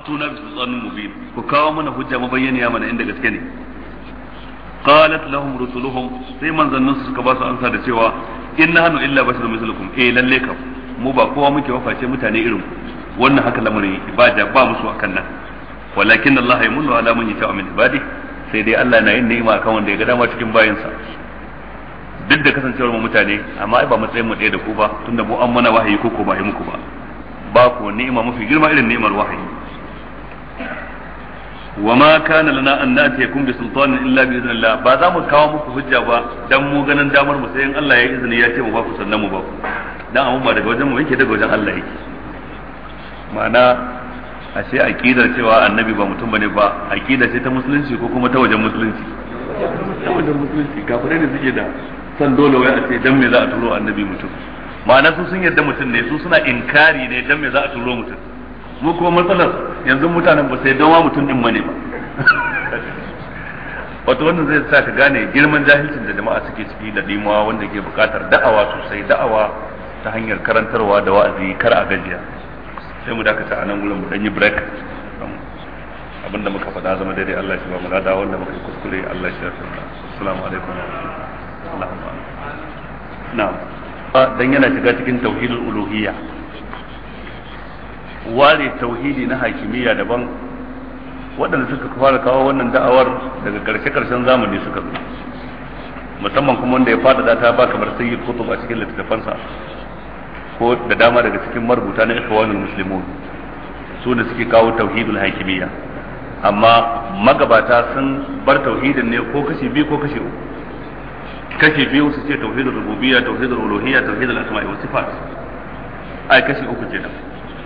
atuna bi sultanin mubin ku kawo mana hujja ya mana inda gaske ne qalat lahum rusuluhum sai manzannin su suka ba su amsa da cewa in nahnu illa basharun mislukum eh lalle mu ba kowa muke waface mutane irin wannan haka lamarin ba ja ba musu akan nan walakin Allah ya mullu ala man min ibadi sai dai Allah na yin ni'ima akan wanda ya ga dama cikin sa duk da kasancewar mu mutane amma ai ba matsayin mu ɗaya da ku ba tunda mu an mana wahayi ko ko ba yi muku ba ba ku ni'ima mafi girma irin ni'imar wahayi wa ma kana lana an natiyakum bi sultanin illa bi idnillah ba za mu kawo muku hujja ba dan mu ganin damar mu sai in Allah ya izini ya ce mu ba ku sannan mu ba ku dan amma ba daga wajen mu yake daga wajen Allah yake ma'ana sai aqidar cewa annabi ba mutum bane ba aqida ce ta musulunci ko kuma ta wajen musulunci ta wajen musulunci kafirai ne suke da san dole wai a ce dan me za a turo annabi mutum ma'ana su sun yarda mutum ne su suna inkari ne dan me za a turo mutum mu kuma matsalar yanzu mutanen ba sai don wa mutum din mane ba wato wannan zai sa ka gane girman jahilcin da jama'a suke ciki da limawa wanda ke bukatar da'awa sosai da'awa ta hanyar karantarwa da wa'azi kar a gajiya sai mu dakata a nan gurin mu dan yi break abinda muka faɗa zama daidai Allah shi ba mu da wanda muka yi kuskure Allah shi ya fi assalamu alaikum Allahumma na'am dan yana shiga cikin tauhidul uluhiyya ware tauhidi na hakimiyya daban waɗanda suka fara kawo wannan da'awar daga ƙarshe ƙarshen zamani suka zo musamman kuma wanda ya fada ta ba kamar sai kutub a cikin littattafansa ko da dama daga cikin marubuta na ikhwanul muslimun su ne suke kawo tauhidul hakimiyya amma magabata sun bar tauhidin ne ko kashi biyu ko kashi uku kashi biyu su ce tauhidul rububiyya tauhidul uluhiyya tauhidul asma'i was sifat ai kashi uku kenan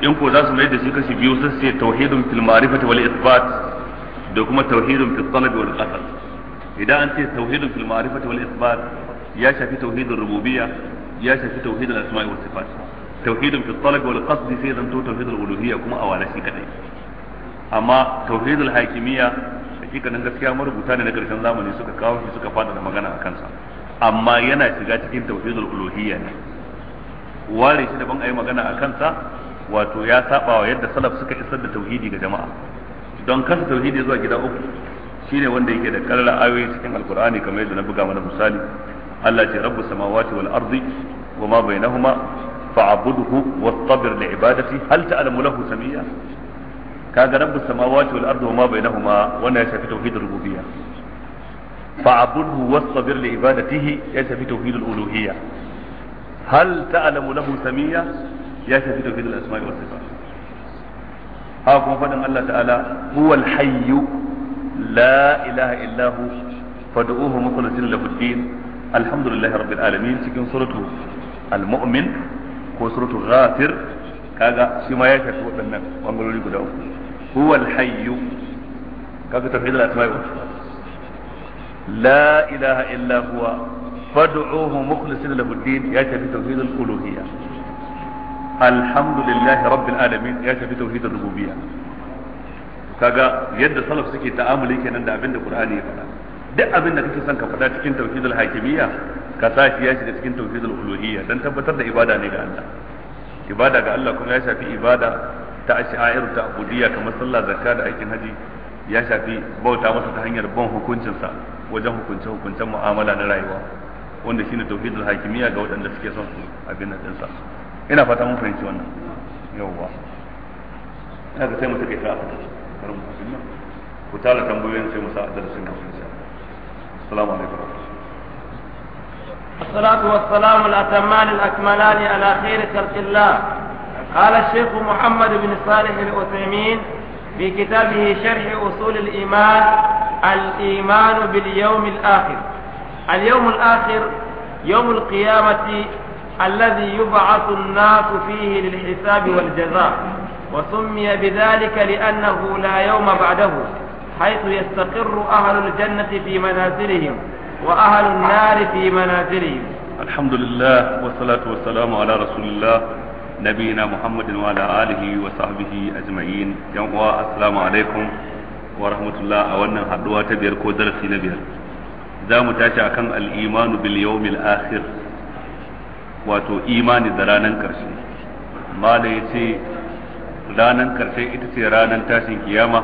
in ko za su mai da shi kashi biyu sai sai tauhidun fil ma'rifati wal isbat da kuma tauhidun fil talab wal qasd idan an ce tauhidun fil ma'rifati wal isbat ya shafi tauhidun rububiyya ya shafi tauhidul asma'i was sifat tauhidun fil talab wal qasd sai zanto tauhidul uluhiyya kuma a walashi kadai amma tauhidul hakimiyya hakikanin gaskiya marubuta ne na karshen zamani suka kawo shi suka fada da magana a kansa amma yana shiga cikin tauhidul uluhiyya ne ware shi daban ayi magana a kansa wato ya saba wa yadda salaf suka isar da tauhidi ga jama'a don kasa tauhidi zuwa gida uku shine wanda yake da karar ayoyi cikin alqur'ani kamar yadda na buga mana misali Allah ce rabbus samawati wal ardi wa ma bainahuma fa'budhu wastabir li ibadati hal ta'lamu lahu samia kaga rabbus samawati wal ardi wa ma bainahuma wannan ya shafi tauhidir rububiyya fa'budhu wastabir li ibadatihi ya shafi tauhidul uluhiyya hal ta'lamu lahu samia ya shafi tauhid al-asma'i wa sifat ha kuma fadin Allah ta'ala huwal hayyu la ilaha illa hu fad'uhu mukhlishin lahu din alhamdulillahi rabbil alamin cikin suratu al-mu'min ko suratu ghafir kaga shi ma ya shafi waɗannan bangarori guda uku huwal hayyu kaga tauhid al-asma'i wa sifat la ilaha illa huwa fad'uhu mukhlishin lahu ad-din ya shafi tauhid uluhiyya alhamdulillahi rabbil alamin ya shafi tauhidin rububiyya kaga yadda salaf suke ta'amuli kenan da abin da qur'ani ya faɗa duk abin da kake son ka faɗa cikin tauhidul hakimiyya ka sa shi ya shiga cikin tauhidul uluhiyya dan tabbatar da ibada ne ga Allah ibada ga Allah kuma ya shafi ibada ta ash'airu ta abudiyya kamar sallah zakka da aikin haji ya shafi bauta masa ta hanyar ban hukuncinsa wajen hukunce hukuncen mu'amala na rayuwa wanda shine tauhidul hakimiyya ga waɗanda suke son su abin nan sa ina fata mun fahimci wannan yawwa ina ga sai mu take ta aka karin mutum ku tala tambayoyin sai mu sa darasin nan insha Allah assalamu alaikum الصلاة والسلام الأتمان الأكملان على خير خلق الله قال الشيخ محمد بن صالح العثيمين في كتابه شرح أصول الإيمان الإيمان باليوم الآخر اليوم الآخر يوم القيامة الذي يبعث الناس فيه للحساب والجزاء وسمي بذلك لأنه لا يوم بعده حيث يستقر أهل الجنة في منازلهم وأهل النار في منازلهم الحمد لله والصلاة والسلام على رسول الله نبينا محمد وعلى آله وصحبه أجمعين جمعوا السلام عليكم ورحمة الله أولنا حدوات بيركو درسي في نبيل za mu الإيمان باليوم الآخر wato imani da ranar ƙarshe mala ya ce ranar karshe ita ce ranar tashin kiyama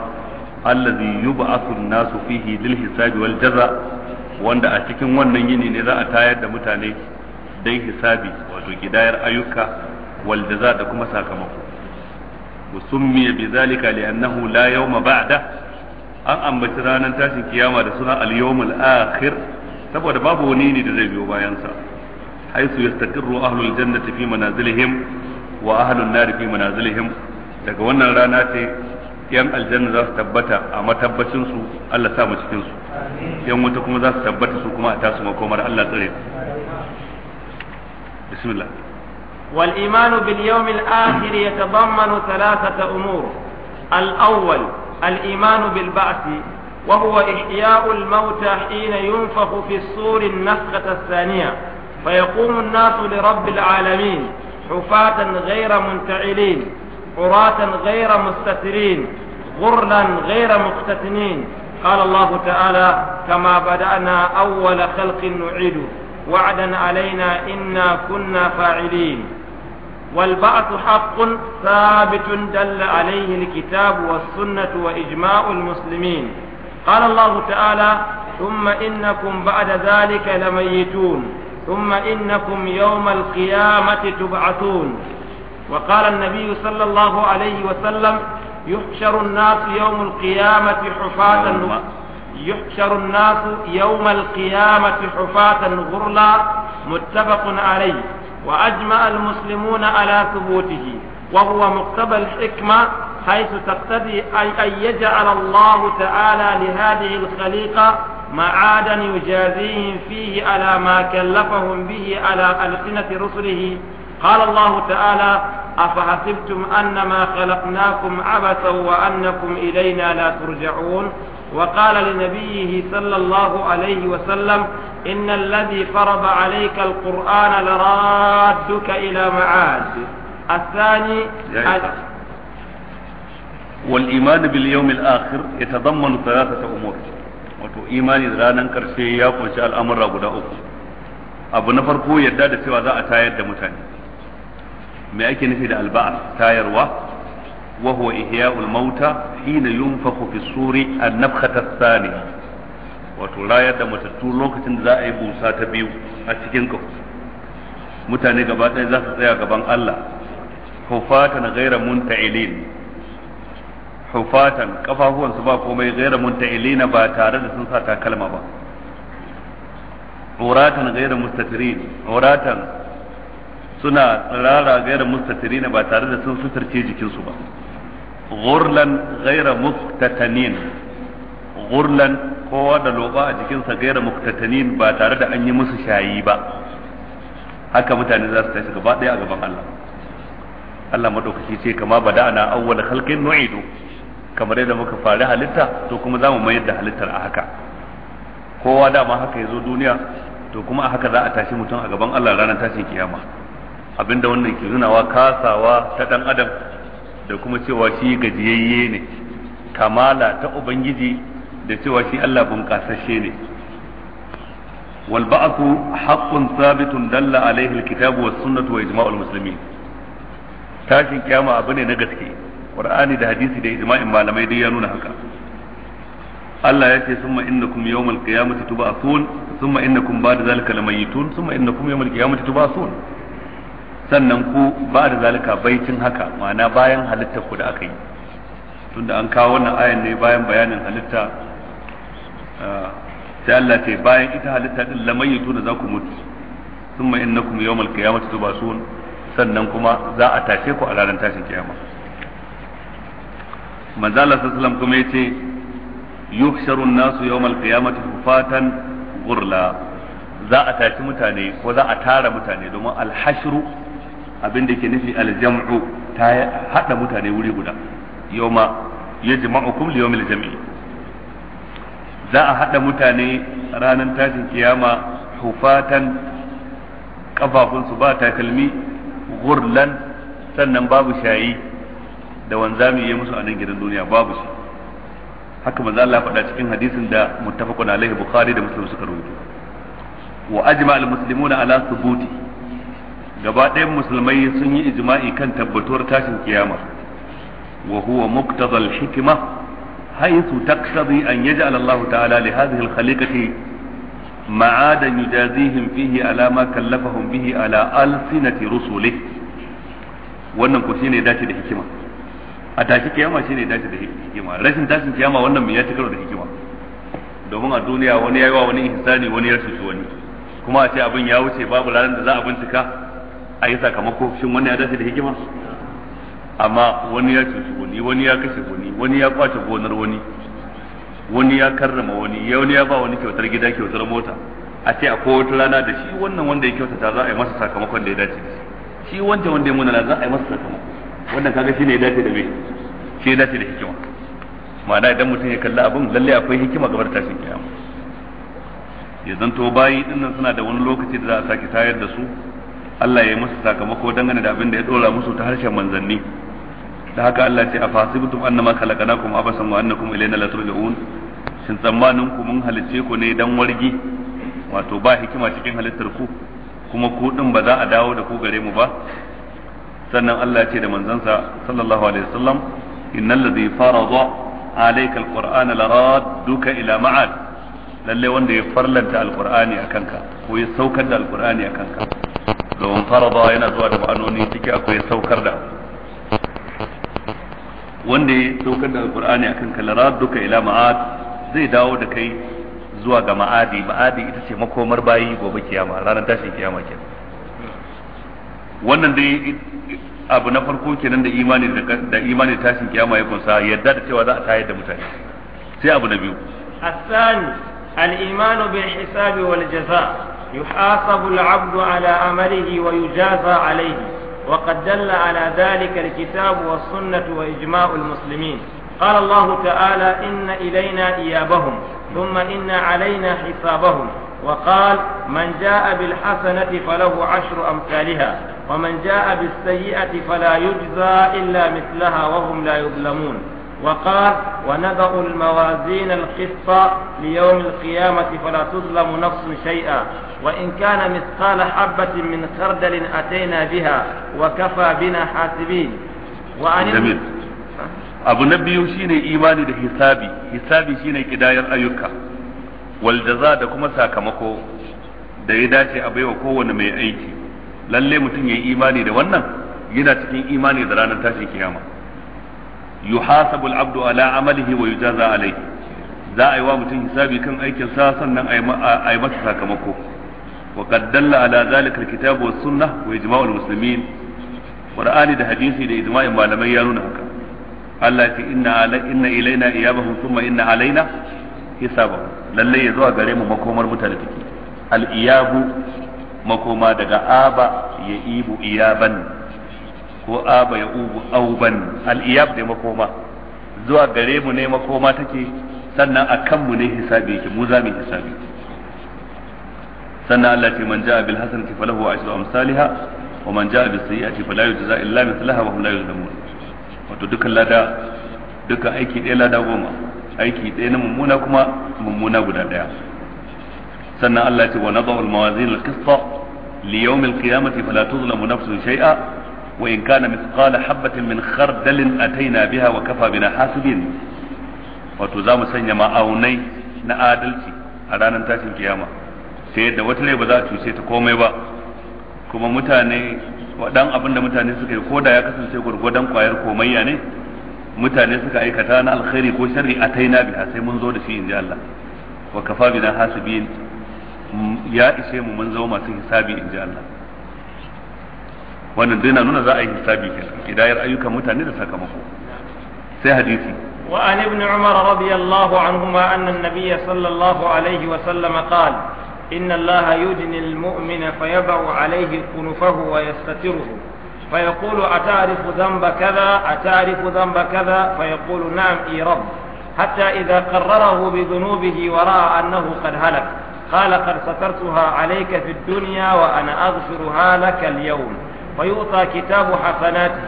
allazi yub'athu nasu fihi lil hisabi wal jaza wanda a cikin wannan yini ne za a tayar da mutane dai hisabi wato gidayar ayyuka wal jaza da kuma sakamako وسمي بذلك hula لا يوم da an ambaci ranar tashin kiyama da suna al-yawmul akhir saboda babu wani ne da zai biyo bayansa حيث يستقر أهل الجنة في منازلهم وأهل النار في منازلهم daga wannan rana ce yan aljanna za su tabbata a matabbacin su Allah sa mu cikin su yan wuta kuma za su tabbata su kuma a tasu makomar Allah tsare bismillah wal iman bil yawm al akhir yatadammanu thalathata umur al awwal al iman bil ba'th وهو إحياء الموتى حين ينفخ في الصور النفخة الثانية فيقوم الناس لرب العالمين حفاة غير منتعلين عراة غير مستترين غرلا غير مقتتنين قال الله تعالى كما بدأنا أول خلق نعيد وعدا علينا إنا كنا فاعلين والبعث حق ثابت دل عليه الكتاب والسنة وإجماع المسلمين قال الله تعالى ثم إنكم بعد ذلك لميتون ثم إنكم يوم القيامة تبعثون وقال النبي صلى الله عليه وسلم يحشر الناس يوم القيامة حفاة يحشر الناس يوم القيامة حفاة غرلا متفق عليه وأجمع المسلمون على ثبوته وهو مقتضى الحكمة حيث تقتضي أن يجعل الله تعالى لهذه الخليقة معادا يجازيهم فيه على ما كلفهم به على ألسنة رسله قال الله تعالى أفحسبتم أنما خلقناكم عبثا وأنكم إلينا لا ترجعون وقال لنبيه صلى الله عليه وسلم إن الذي فرض عليك القرآن لرادك إلى معاد الثاني والإيمان باليوم الآخر يتضمن ثلاثة أمور wato imani da ranar karshe ya kunshi al'amura guda uku abu na farko yadda da cewa za a tayar da mutane me ake nufi da alba'a tayarwa wa huwa ihya'ul mauta hina yunfakhu fi suri an-nafkhata thaniya wato rayar da matattu lokacin da za a yi busa ta biyu a cikin kafu mutane gaba ɗaya za su tsaya gaban Allah hufatan ghayra munta'ilin hufatan kafafuwan su ba komai ghayra munta'ilina ba tare da sun sa takalma ba uratan ghayra mustatirin uratan suna tsirara ghayra mustatirina ba tare da sun suturce jikinsu ba ghurlan ghayra muftatanin gurlan kowa da loba a jikinsa gaira muktatanin ba tare da an yi musu shayi ba haka mutane za su tashi gaba ɗaya a gaban Allah Allah madaukaki ce kama bada'ana awwal khalqin nu'idu kamar yadda muka fara halitta to kuma zamu mayar da halittar a haka kowa dama haka yazo duniya to kuma a haka za a tashi mutum a gaban Allah ranar tashin kiyama abinda wannan ke nunawa kasawa ta dan adam da kuma cewa shi gajiyayye ne kamala ta ubangiji da cewa shi Allah bunƙasashe ne wal ba'athu haqqun thabitun dalla alaihi alkitabu was sunnatu wa ijma'ul muslimin tashin kiyama abu ne na gaske qur'ani da hadisi da ijma'in malamai dai ya nuna haka Allah ya ce summa innakum yawmal qiyamati tub'athun summa innakum ba'da zalika lamayitun summa innakum yawmal qiyamati tub'athun sannan ku ba'da zalika baitin haka ma'ana bayan halitta ku da aka yi tunda an kawo wannan ayan ne bayan bayanin halitta ah, sai Allah ce bayan ita halitta din lamayitun da za ku mutu summa innakum yawmal qiyamati tub'athun sannan kuma za a tashe ku a ranar tashin kiyama manzo Allah sallallahu kuma yace yuhsharu an-nasu yawmal qiyamati hufatan gurla za a tashi mutane ko za a tara mutane domin alhashru, hashru abin da ke nufi al ta hada mutane wuri guda yawma yajma'ukum li yawmil jam'i za a hada mutane ranar tashin kiyama hufatan kafafunsu ba takalmi gurlan sannan babu shayi da wanzami ya musu a nan gidan duniya babu shi haka manzo Allah faɗa cikin hadisin da muttafaqun alaihi bukhari da muslim suka rawaito wa ajma al muslimuna ala thubuti gaba musulmai sun yi ijma'i kan tabbatuwar tashin kiyama wa huwa muqtada al hikma haythu taqtadi an yaj'al Allah ta'ala li hadhihi al khaliqati ma'adan yujazihim fihi ala ma kallafahum bihi ala alsinati rusulih wannan ko shine dace da hikima a tashi kiyama shine dace da hikima rashin tashin kiyama wannan me ya ci karo da hikima domin a duniya wani yayi wa wani ihsani wani ya cuci wani kuma a ce abin ya wuce babu ranar da za a bincika a yi sakamako shin wannan ya dace da hikima amma wani ya ci wani wani ya kashe wani wani ya kwace gonar wani wani ya karrama wani ya wani ya ba wani kyautar gida kyautar mota a ce a kowace rana da shi wannan wanda ya kyautata za a yi masa sakamakon da ya dace da shi wancan wanda ya munana za a yi masa sakamako wannan kaga shine ya dace da me shi ya dace da hikima ma'ana idan mutum ya kalli abin lalle akwai hikima gabar tashin kiyama ya zanto bayi dinnan suna da wani lokaci da za a sake tayar da su Allah ya yi masa sakamako dangane da abin da ya dora musu ta harshen manzanni da haka Allah ce a afasibtum annama khalaqnakum abasan wa annakum ilayna la turja'un shin tsammanin ku mun halice ku ne dan wargi wato ba hikima cikin halittar ku kuma ku din ba za a dawo da ku gare mu ba sannan Allah ce da manzansa sallallahu alaihi wasallam innal ladhi farada alayka alqur'ana laradduka ila ma'ad lalle wanda ya farlanta alqur'ani akan ka ko ya saukar da alqur'ani akan ka domin farada yana zuwa da ma'anoni ciki akwai saukar da wanda ya saukar da alqur'ani akan kallara duka ila ma'ad zai dawo da kai zuwa ga ma'adi ma'adi ita ce makomar bayi gobe kiyama ranar tashin kiyama kenan wannan dai abu na farko kenan da imani da imani tashin kiyama ya kunsa yadda da cewa za a tayar da mutane sai abu na biyu الثاني الإيمان بالحساب والجزاء يحاسب العبد على عمله ويجازى alayhi. وقد دل على ذلك الكتاب والسنة وإجماع المسلمين قال الله تعالى إن إلينا إيابهم ثم إن علينا حسابهم وقال من جاء بالحسنة فله عشر أمثالها ومن جاء بالسيئة فلا يجزى إلا مثلها وهم لا يظلمون وقال ونضع الموازين القصة ليوم القيامة فلا تظلم نفس شيئا وإن كان مثقال حبة من خردل أتينا بها وكفى بنا حاسبين وعن أبو نبي يوشيني إيماني لحسابي حسابي شين كدائر أيوكا والجزاء دكما ساكمكو دايداتي أبي وكو ونمي أيتي لن لي متنجي إيماني دي ونن ينا تكين إيماني دران تاشي كياما yuhasabu al-abdu ala amalihi wa yujaza alayhi za a yi wa mutum hisabi kan aikin sa sannan a yi masa sakamako wa qad dalla ala zalika al was sunnah wa ijma'u al-muslimin qur'ani da hadisi da ijma'in malamai ya nuna haka Allah ya ce inna inna ilaina iyabahum thumma inna alaina hisabahum lalle ya zuwa gare mu makomar mutane take al-iyabu makoma daga aba ya ibu iyaban ko aba ya ubu auban al'iyab da makoma zuwa gare mu ne makoma take sannan a kanmu ne hisabi yake mu za mu hisabi sannan Allah ce man ja'a bil ki falahu ashru amsalha wa man ja'a bis sayyi'ati fala yujza illa mithlaha wa hum la yuzlamun wato dukkan lada duka aiki ɗaya lada goma aiki ɗaya na mummuna kuma mummuna guda ɗaya sannan Allah ce wa nadau al mawazin al qista li yawm al qiyamati fala tuzlamu nafsun shay'a wa in kana mithqala habatin min khardalin ataina biha wa kafa bina wato za mu sanya ma'aunai na adalci a ranar tashin kiyama sai yadda wata rai ba za a cuce ta komai ba kuma mutane wadan abin da mutane suka yi koda ya kasance gurgudan kwayar komayya ne mutane suka aikata na alkhairi ko sharri ataina biha sai mun zo da shi Allah wa ya ishe mu mun zo masu hisabi inji Allah wannan dai na nuna za a yi hisabi kenan idayar ayyukan mutane da sakamako sai hadisi وعن ابن عمر رضي الله عنهما أن النبي صلى الله عليه وسلم قال إن الله يدني المؤمن فيضع عليه كنفه ويستتره فيقول أتعرف ذنب كذا أتعرف ذنب كذا فيقول نعم إي رب حتى إذا قرره بذنوبه ورأى أنه قد هلك قال قد سترتها عليك في الدنيا وأنا أغفرها لك اليوم فيؤتى كتاب حسناته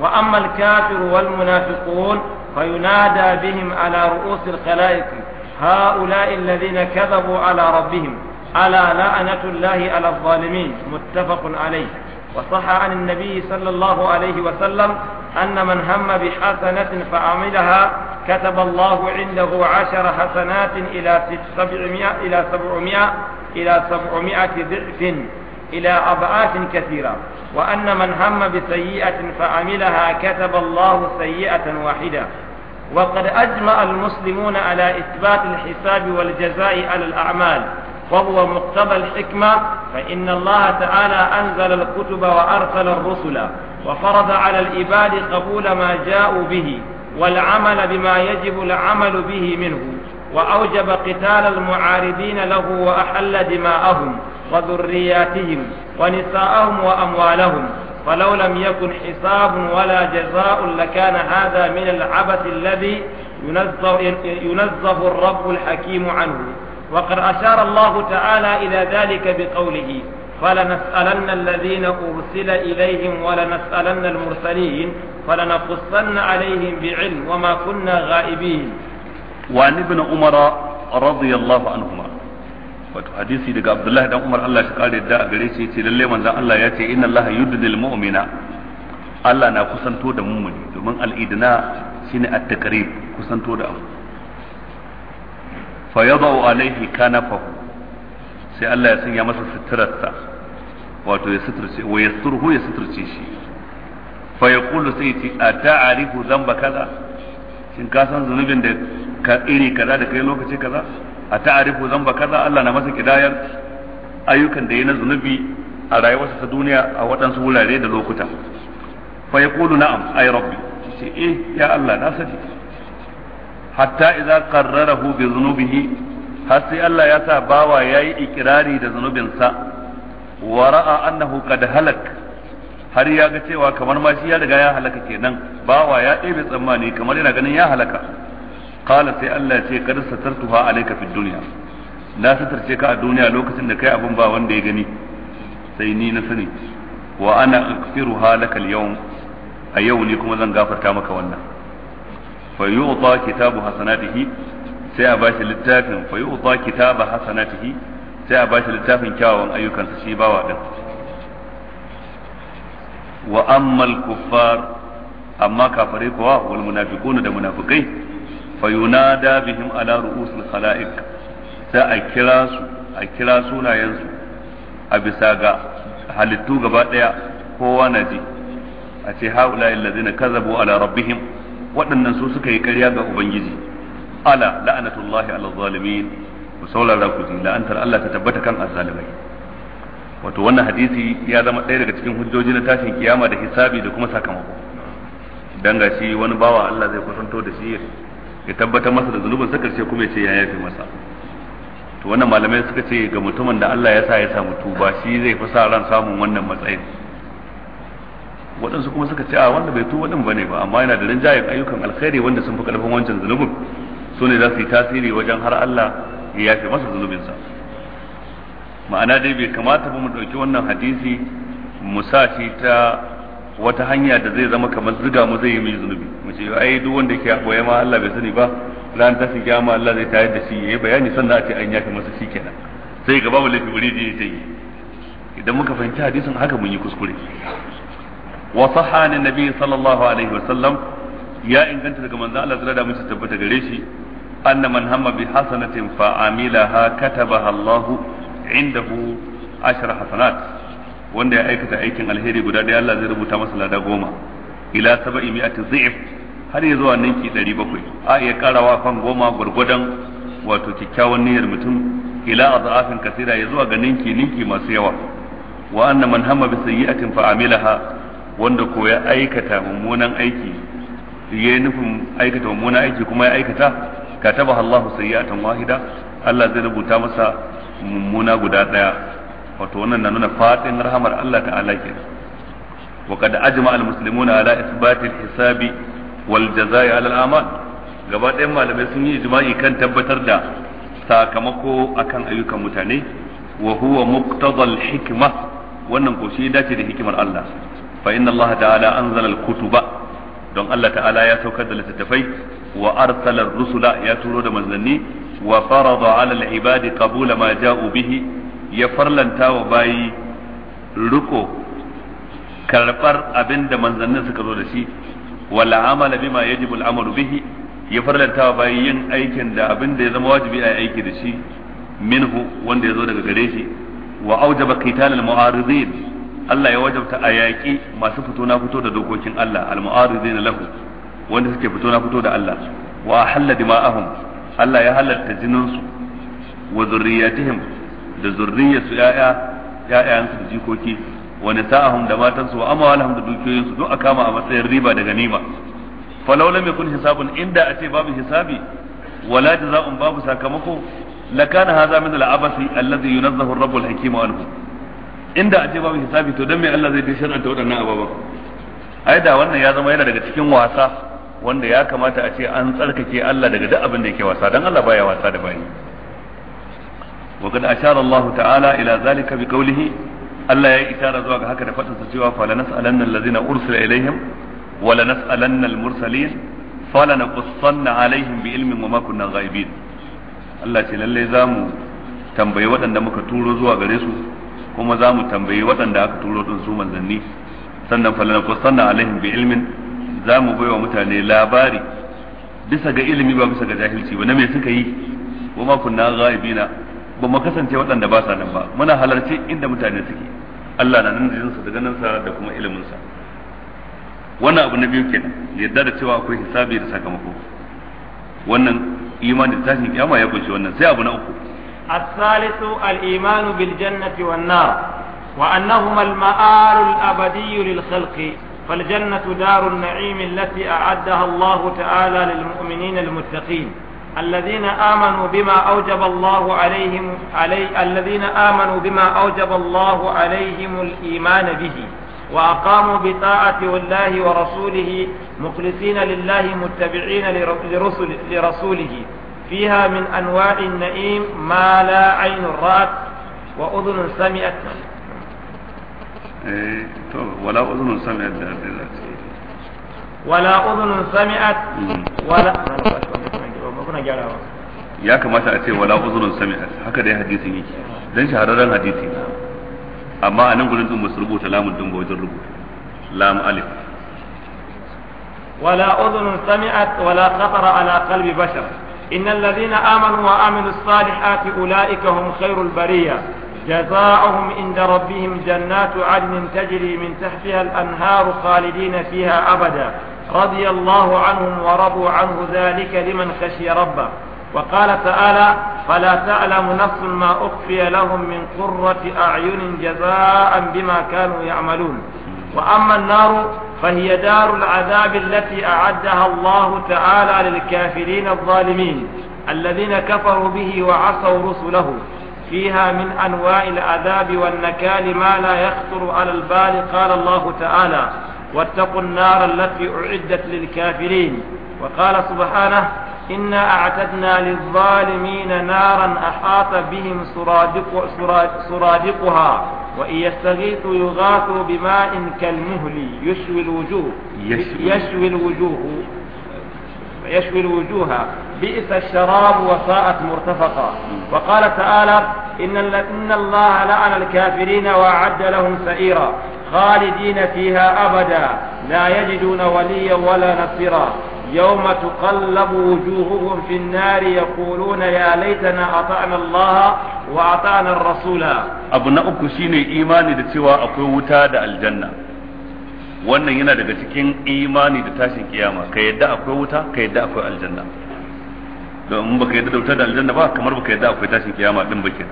وأما الكافر والمنافقون فينادى بهم على رؤوس الخلائق هؤلاء الذين كذبوا على ربهم ألا لعنة الله على الظالمين متفق عليه وصح عن النبي صلى الله عليه وسلم أن من هم بحسنة فعملها كتب الله عنده عشر حسنات إلى سبعمائة إلى سبعمائة إلى سبعمائة ضعف إلى أبعاث كثيرة وأن من هم بسيئة فعملها كتب الله سيئة واحدة وقد أجمع المسلمون على إثبات الحساب والجزاء على الأعمال وهو مقتضى الحكمة فإن الله تعالى أنزل الكتب وأرسل الرسل وفرض على العباد قبول ما جاءوا به والعمل بما يجب العمل به منه وأوجب قتال المعارضين له وأحل دماءهم وذرياتهم ونساءهم وأموالهم فلو لم يكن حساب ولا جزاء لكان هذا من العبث الذي ينزه, الرب الحكيم عنه وقد أشار الله تعالى إلى ذلك بقوله فلنسألن الذين أرسل إليهم ولنسألن المرسلين فلنقصن عليهم بعلم وما كنا غائبين wa ibn umara radiyallahu anhuma wato hadisi daga abdullahi dan umar Allah shi kare da a gare shi yace lalle manzon Allah ya ce inna Allah yudnil mu'mina Allah na kusanto da mu'mini domin al-idna shine kusanto da alaihi sai Allah ya sanya masa suturarsa wato ya suturce wa yasturhu ya suturce shi fa Kulu sai ce ata'arifu dhanba kaza shin ka san zunubin da ka iri kaza da kai lokaci kaza a ta'arifu zamba kaza Allah na masa kidayar ayyukan da yi na zunubi a rayuwarsa ta duniya a waɗansu wurare da lokuta fa yaqulu na'am ay rabbi sai eh ya Allah na sani hatta idza qarrarahu bi dhunubihi har sai Allah ya sa bawa yayi ikirari da zunubinsa wa ra'a annahu qad halak har ya ga cewa kamar ma shi ya riga ya halaka kenan bawa ya ɗebe tsammani kamar yana ganin ya halaka qala sai Allah ce kad satartuha alayka fid na satarce ka a duniya lokacin da kai abin ba wanda ya gani sai ni na sani wa ana aghfiruha laka al-yawm yau ne kuma zan gafarta maka wannan fa yu'ta kitabu hasanatihi sai kitabu hasanatihi sai a bashi littafin kyawawan ayyukansa shi bawa din wa ammal kuffar amma kafare kuwa wal munafiquna da munafukai. fayunada bihim ala ru'usul khala'iq sai a kira su a kira sunayensu a bisa ga halittu gaba daya kowa na ji a ce haula allazina kazabu ala rabbihim waɗannan su suka yi ƙarya ga ubangiji ala la'anatullahi ala zalimin ku saurara ku ji la'antar Allah ta tabbata kan azzalimai wato wannan hadisi ya zama ɗaya daga cikin hujjoji na tashin kiyama da hisabi da kuma sakamako dan gashi wani bawa Allah zai kusanto da shi ya tabbatar masa da zunubin sa karshe kuma ya ce ya yafe masa to wannan malamai suka ce ga mutumin da Allah ya sa ya samu tuba shi zai fi sa ran samun wannan matsayin waɗansu kuma suka ce a wanda bai tuba din bane ba amma yana da rinjayen ayyukan alkhairi wanda sun fi karfin wancan zunubin su ne za su yi tasiri wajen har Allah ya yafe masa zunubinsa ma'ana dai bai kamata ba mu ɗauki wannan hadisi mu sa shi ta wata hanya da zai zama kamar ziga mu zai yi mai zunubi mu ce ai duk wanda ke boye ma Allah bai sani ba ran ta shiga ma Allah zai tayar da shi yayi bayani sannan a ce an yafi masa shikenan sai ga babu lafi wuri da yake yi idan muka fahimci hadisin haka mun yi kuskure wa sahha an nabi sallallahu alaihi sallam ya inganta daga manzo Allah zai da mu tabbata gare shi anna man hamma bi hasanatin fa amilaha katabaha Allah indahu ashra hasanat wanda ya aikata aikin alheri guda ɗaya Allah zai rubuta masa lada goma ila saba'i mi'ati dhi'f har ya zuwa ninki 700 a iya karawa kan goma gurgudan wato kikkiawan niyyar mutum ila al-za'afin kasira ya zuwa ga ninki ninki masu yawa wa anna man hamma bi sayyi'atin fa amilaha wanda ko ya aikata mummunan aiki ya nufin aikata mummunan aiki kuma ya aikata katabaha Allahu sayyi'atan wahida Allah zai rubuta masa mummuna guda ɗaya wato wannan na nuna fadin rahamar Allah ta'ala kenan wa kad ajma al muslimuna ala isbati al hisabi wal jazaa'i ala al amal gaba ɗayan malamai sun yi ijma'i kan tabbatar da sakamako akan ayyukan mutane wa huwa muqtadal hikma wannan ko shi dace da hikimar Allah fa inna Allah ta'ala anzala al kutuba don Allah ta'ala ya saukar da littattafai wa arsala rusula ya turo da manzanni wa farada ala al ibadi qabula ma ja'u bihi ya farlanta wa bayi riko karɓar abin da manzannin suka zo da shi wala amala bima yajibu al'amalu bihi ya farlanta wa bayi yin aikin da abin da ya zama wajibi a aiki da shi minhu wanda ya zo daga gare shi wa aujaba qital al-mu'aridin Allah ya wajabta a yaƙi masu fito na fito da dokokin Allah al-mu'aridin lahu wanda suke fito na fito da Allah wa halal dima'ahum Allah ya halalta jininsu wa zurriyatihim da zurriyarsu ya'ya ya'yansu da jikoki wa nisa'ahum da matansu wa amwalahum da dukiyoyinsu duk a kama a matsayin riba daga nima. falau lam yakun hisabun inda a ce babu hisabi wala jaza'un babu sakamako lakana hadha min al-abasi alladhi yunazzahu ar-rabbu al-hakim anhu inda a ce babu hisabi to dan me Allah zai ta waɗannan ababan ai da wannan ya zama yana daga cikin wasa wanda ya kamata a ce an tsarkake Allah daga duk abin da yake wasa dan Allah baya wasa da bayi wa qad ashara Allah ta'ala ila zalika bi qawlihi Allah ya isara zuwa ga haka da fadin sa cewa fala nas'alanna allazina ursila ilaihim wa la nas'alanna al-mursalin fala naqussanna alaihim bi ilmin wa ma kunna ghaibin Allah ce lalle zamu tambayi waɗanda muka turo zuwa gare su kuma zamu tambayi waɗanda aka turo din su manzanni sannan bi ilmin mutane labari bisa ga ilimi ba bisa ga jahilci ba na me suka yi wa ma ba mu kasance waɗanda ba sa nan ba muna halarci inda mutane suke Allah na nan jinsa da ganinsa da kuma iliminsa wannan abu na biyu kenan yadda da cewa akwai hisabi da sakamako wannan imanin da tashin kiyama ya kunshi wannan sai abu na uku الثالث الإيمان بالجنة والنار وأنهما المآل الأبدي للخلق فالجنة دار النعيم التي أعدها الله تعالى للمؤمنين المتقين الذين آمنوا بما أوجب الله عليهم علي الذين آمنوا بما أوجب الله عليهم الإيمان به وأقاموا بطاعة الله ورسوله مخلصين لله متبعين لرسل لرسوله فيها من أنواع النعيم ما لا عين رأت وأذن سمعت إيه ولا أذن سمعت ولا أذن سمعت ولا kuna gyarawa ya kamata a ce wala uzurun sami'at haka dai hadisin yake dan shahararren hadisi amma a nan gurin din musu rubuta lamun dumba wajen rubuta lam alif wala uzurun sami'at wala khatara ala qalbi bashar إن الذين آمنوا وعملوا الصالحات أولئك هم خير البرية جزاؤهم عند ربهم جنات عدن تجري من تحتها الأنهار خالدين فيها أبدا رضي الله عنهم ورضوا عنه ذلك لمن خشي ربه وقال تعالى فلا تعلم نفس ما أخفي لهم من قرة أعين جزاء بما كانوا يعملون وأما النار فهي دار العذاب التي أعدها الله تعالى للكافرين الظالمين الذين كفروا به وعصوا رسله فيها من أنواع العذاب والنكال ما لا يخطر على البال قال الله تعالى واتقوا النار التي أعدت للكافرين وقال سبحانه إنا أعتدنا للظالمين نارا أحاط بهم سرادق سرادقها وإن يستغيثوا يغاثوا بماء كالمهل يشوي الوجوه يشوي الوجوه يشوي الوجوه بئس الشراب وساءت مرتفقا وقال تعالى إن, إن الله لعن الكافرين وأعد لهم سعيرا خالدين فيها أبدا لا يجدون وليا ولا نصيرا يوم تقلب وجوههم في النار يقولون يا ليتنا أطعنا الله وأطعنا الرسول أبو نأبك شيني إيماني دا سوى أقوى دا الجنة وانا هنا دا تكين إيماني دا تاشي كياما كيدا أقوى وطا كيدا أقوى الجنة لأن مبا كيدا دا وطا دا الجنة فا كمر بكيدا أقوى تاشي كياما دنبكي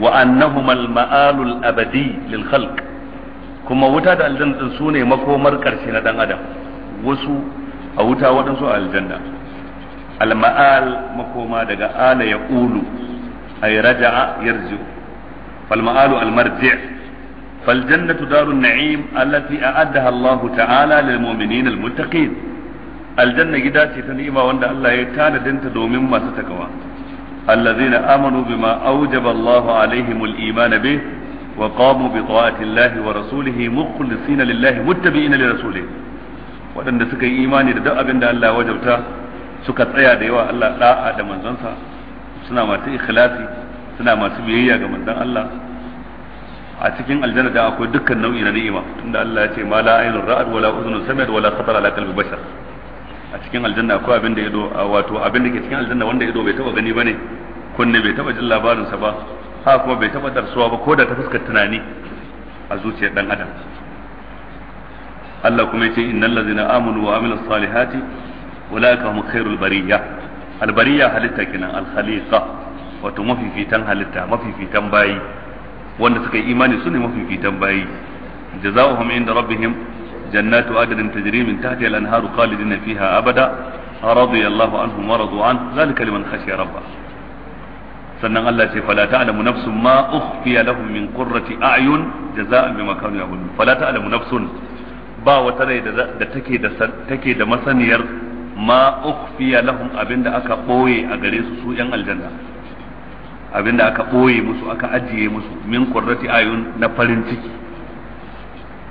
وأنهما المآل الأبدي للخلق kuma wuta da aljanna din su makomar karshe na ɗan adam wasu a wuta waɗansu a aljanna alma'al makoma daga ala ya ƙulu a yi raja'a ya rijiyo falma'alu na'im allati a adda allahu ta'ala lil mu'minin al aljanna gida ce ta ni'ima wanda Allah ya tanadin domin masu takawa allazina amanu bima awjaba allahu alaihim al iman وقاموا بطاعة الله ورسوله مخلصين لله متبعين لرسوله waɗanda suka yi imani da duk abin da Allah wajabta suka tsaya da yawa Allah da'a da manzansa suna masu ikhlasi suna masu biyayya ga manzon Allah a cikin aljanna da akwai dukkan nau'i na ni'ima tunda Allah ya ce ma la ainur ra'at wala uzunun sami'at wala khatar ala qalbi bashar a cikin aljanna akwai abin da ido wato abin ke cikin aljanna wanda ido bai taba gani bane kunne bai taba jin labarin sa ba ha kuma bai taba darsuwa ba ko da ta fuskar tunani a zuciyar dan adam Allah kuma yace innal ladzina amanu wa amilus salihati ulaika hum khairul bariyya al bariyya halitta kenan al khaliqa wato mafifitan halitta mafifitan bayi wanda suka yi imani sune mafifitan bayi jazaohum inda rabbihim jannatu adnin tajri min tahtiha al anharu khalidina fiha abada رضي الله عنهم ورضوا عنه ذلك لمن خشي ربه sannan Allah ce fala ta'lamu nafsun ma ukhfiya lahum min qurrati a'yun jaza'an bima kanu ya'malun fala ta'lamu nafsun ba wata rai da take da take da masaniyar ma ukhfiya lahum abinda aka boye a gare su su yan aljanna abinda aka boye musu aka ajiye musu min qurrati a'yun na farin ciki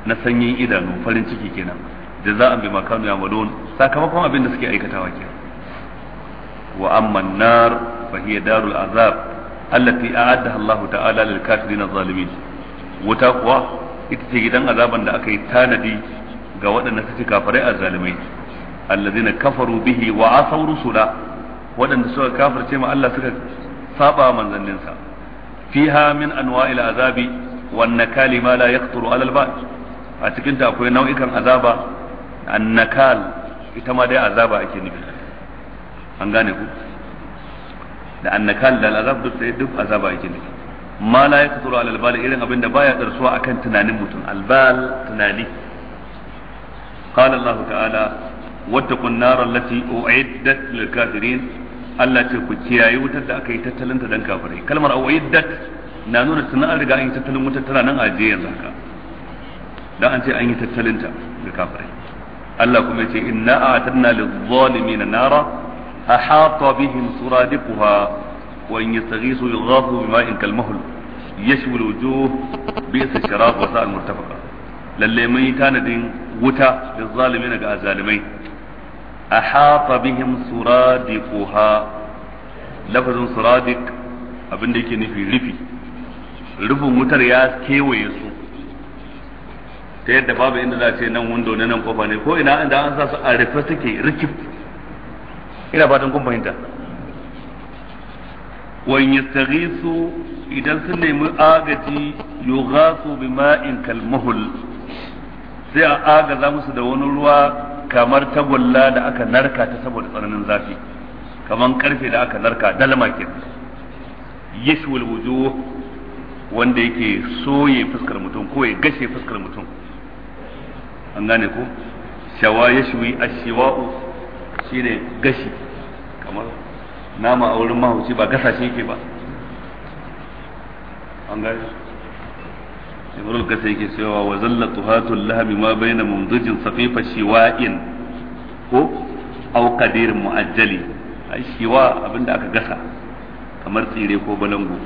na sanyin idanu farin ciki kenan jaza'an bima kanu ya'malun sakamakon abinda suke aikatawa kenan wa amman nar فهي دار العذاب التي أعدها الله تعالى للكافرين الظالمين وتقوى ita ce gidan azaban da aka yi tanadi ga waɗanda suke kafirai a zalimai allazina kafaru bihi wa asaw rusula waɗanda suka kafirce ma Allah suka saba manzanninsa fiha min anwa'il azabi wan nakali ma la yaqturu ala al a cikin akwai nau'ikan azaba an nakal ita ma dai azaba ake nufi an gane ku da annakal da al'azab duk sai duk azaba yake ne. ma la yakthuru ala albal irin abin da baya tsarsuwa akan tunanin mutum albal tunani qala Allah ta'ala wattaqun nar allati u'iddat lil kafirin Allah ce ku kiyaye wutar da aka yi tattalinta dan kafirai kalmar u'iddat na nuna tana an riga an yi tattalin wutar tana nan ajiye yanzu haka dan an ce an yi tattalinta ga kafirai Allah kuma ya ce inna a'tadna lil zalimin nara أحاط بهم سرادقها وإن يستغيثوا يغاثوا بماء كالمهل يشوي الوجوه بئس الشراب وساء المرتفقة lalle mun yi وتا للظالمين قال الظالمين أحاط بهم a لفظ bihim أبن ديكي نفي رفي رفو مترياس nufi rufi ta yadda babu inda za a ce nan wando na nan kofa ne ko ina inda an sa su a rufe suke rikif ina fatan kun fahimta wa yastaghisu idan sun nemi agaji yughasu bima'in kalmuhul sai a agaza musu da wani ruwa kamar tagulla da aka narka ta saboda tsananin zafi kamar karfe da aka narka dalma ke yashwul wujuh wanda yake soye fuskar mutum ko ya gashe fuskar mutum an gane ko shawa yashwi a shiwau ne gashi kamar nama a wurin mahauci ba gasashe yake ba an gani ibrul gasa yake cewa wa zalla hatul Lahami ma baina mumdujin safifa shiwa'in ko aw qadir muajjali ai shiwa abinda aka gasa kamar tsire ko balangu.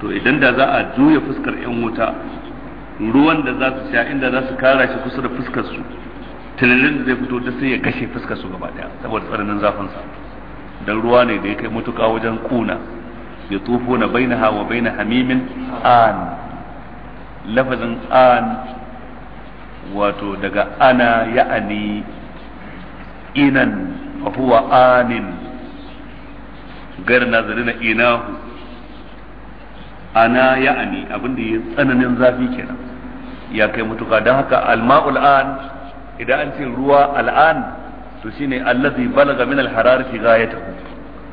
to idan da za a juya fuskar yan wuta ruwan da za su sha inda za su kara shi kusa da fuskar su tunanin da zai fito ta sai ya kashe fuskar su gaba daya saboda tsananin zafin sa dan ruwa ne da ya kai mutuka wajen kuna ya tufo na bainaha wa baina hamimin an lafazin an wato daga ana ya'ani inan fa huwa anin gar nazarina inahu ana ya'ani abinda ya tsananin zafi kenan ya kai mutuka don haka alma'ul an idan an ce ruwa al'an to shi ne allazi balaga min al-hararati ghayatahu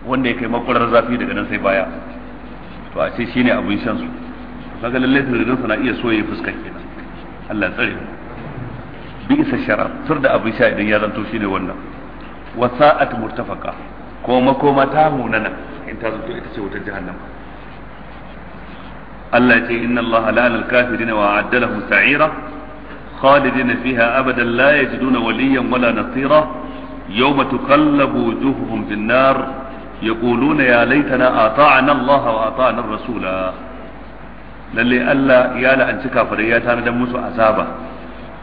wanda ya kai makurar zafi daga nan sai baya to a ce shi ne abun shan su kaga lalle sirrin sana iya soye fuskar kenan Allah tsare bi isa sharar tur da abin sha idan ya zanto ne wannan wasa'at murtafaka ko makoma ta munana in ta zanto ita ce wutar jahannama Allah ya ce inna Allah la al-kafirin wa a'adda lahum sa'ira خالدين فيها أبدا لا يجدون وليا ولا نصيرا يوم تقلب وجوههم في النار يقولون يا ليتنا أطعنا الله وأطعنا الرسول lalle Allah ya la'anci kafirai ya tanadar musu azaba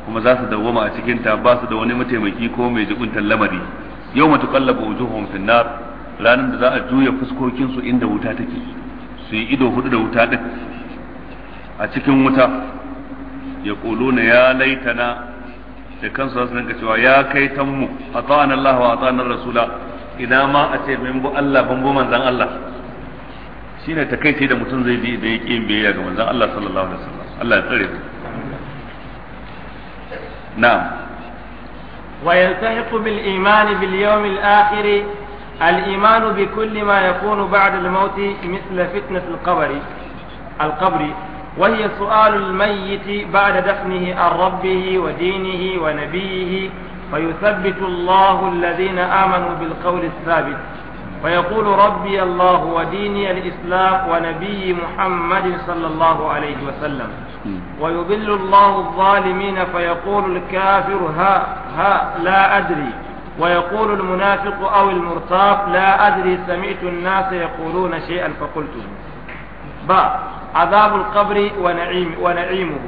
kuma za su dawwama a cikin ta ba su da wani mataimaki ko mai jibuntar lamari yau matu kallaba wujuhum finnar ranar da za juya fuskokinsu inda wuta take su yi ido hudu da wuta a cikin wuta yaquluna ya laitana da kansu za su rinka cewa ya kai tanmu ata'ana Allah wa ata'ana rasula ina ma a ce mun bu Allah ban bu manzon Allah shine takeici da mutum zai bi da yake yin biyayya ga manzon Allah sallallahu alaihi wasallam Allah ya tsare mu na'am wa yaltahiqu bil iman bil yawm al akhir al iman bi kulli ma yakunu ba'da al maut mithla fitnat al qabr al qabr وهي سؤال الميت بعد دفنه عن ربه ودينه ونبيه فيثبت الله الذين آمنوا بالقول الثابت ويقول ربي الله وديني الإسلام ونبي محمد صلى الله عليه وسلم ويضل الله الظالمين فيقول الكافر ها ها لا أدري ويقول المنافق أو المرتاب لا أدري سمعت الناس يقولون شيئا فقلته باء عذاب القبر ونعيم ونعيمه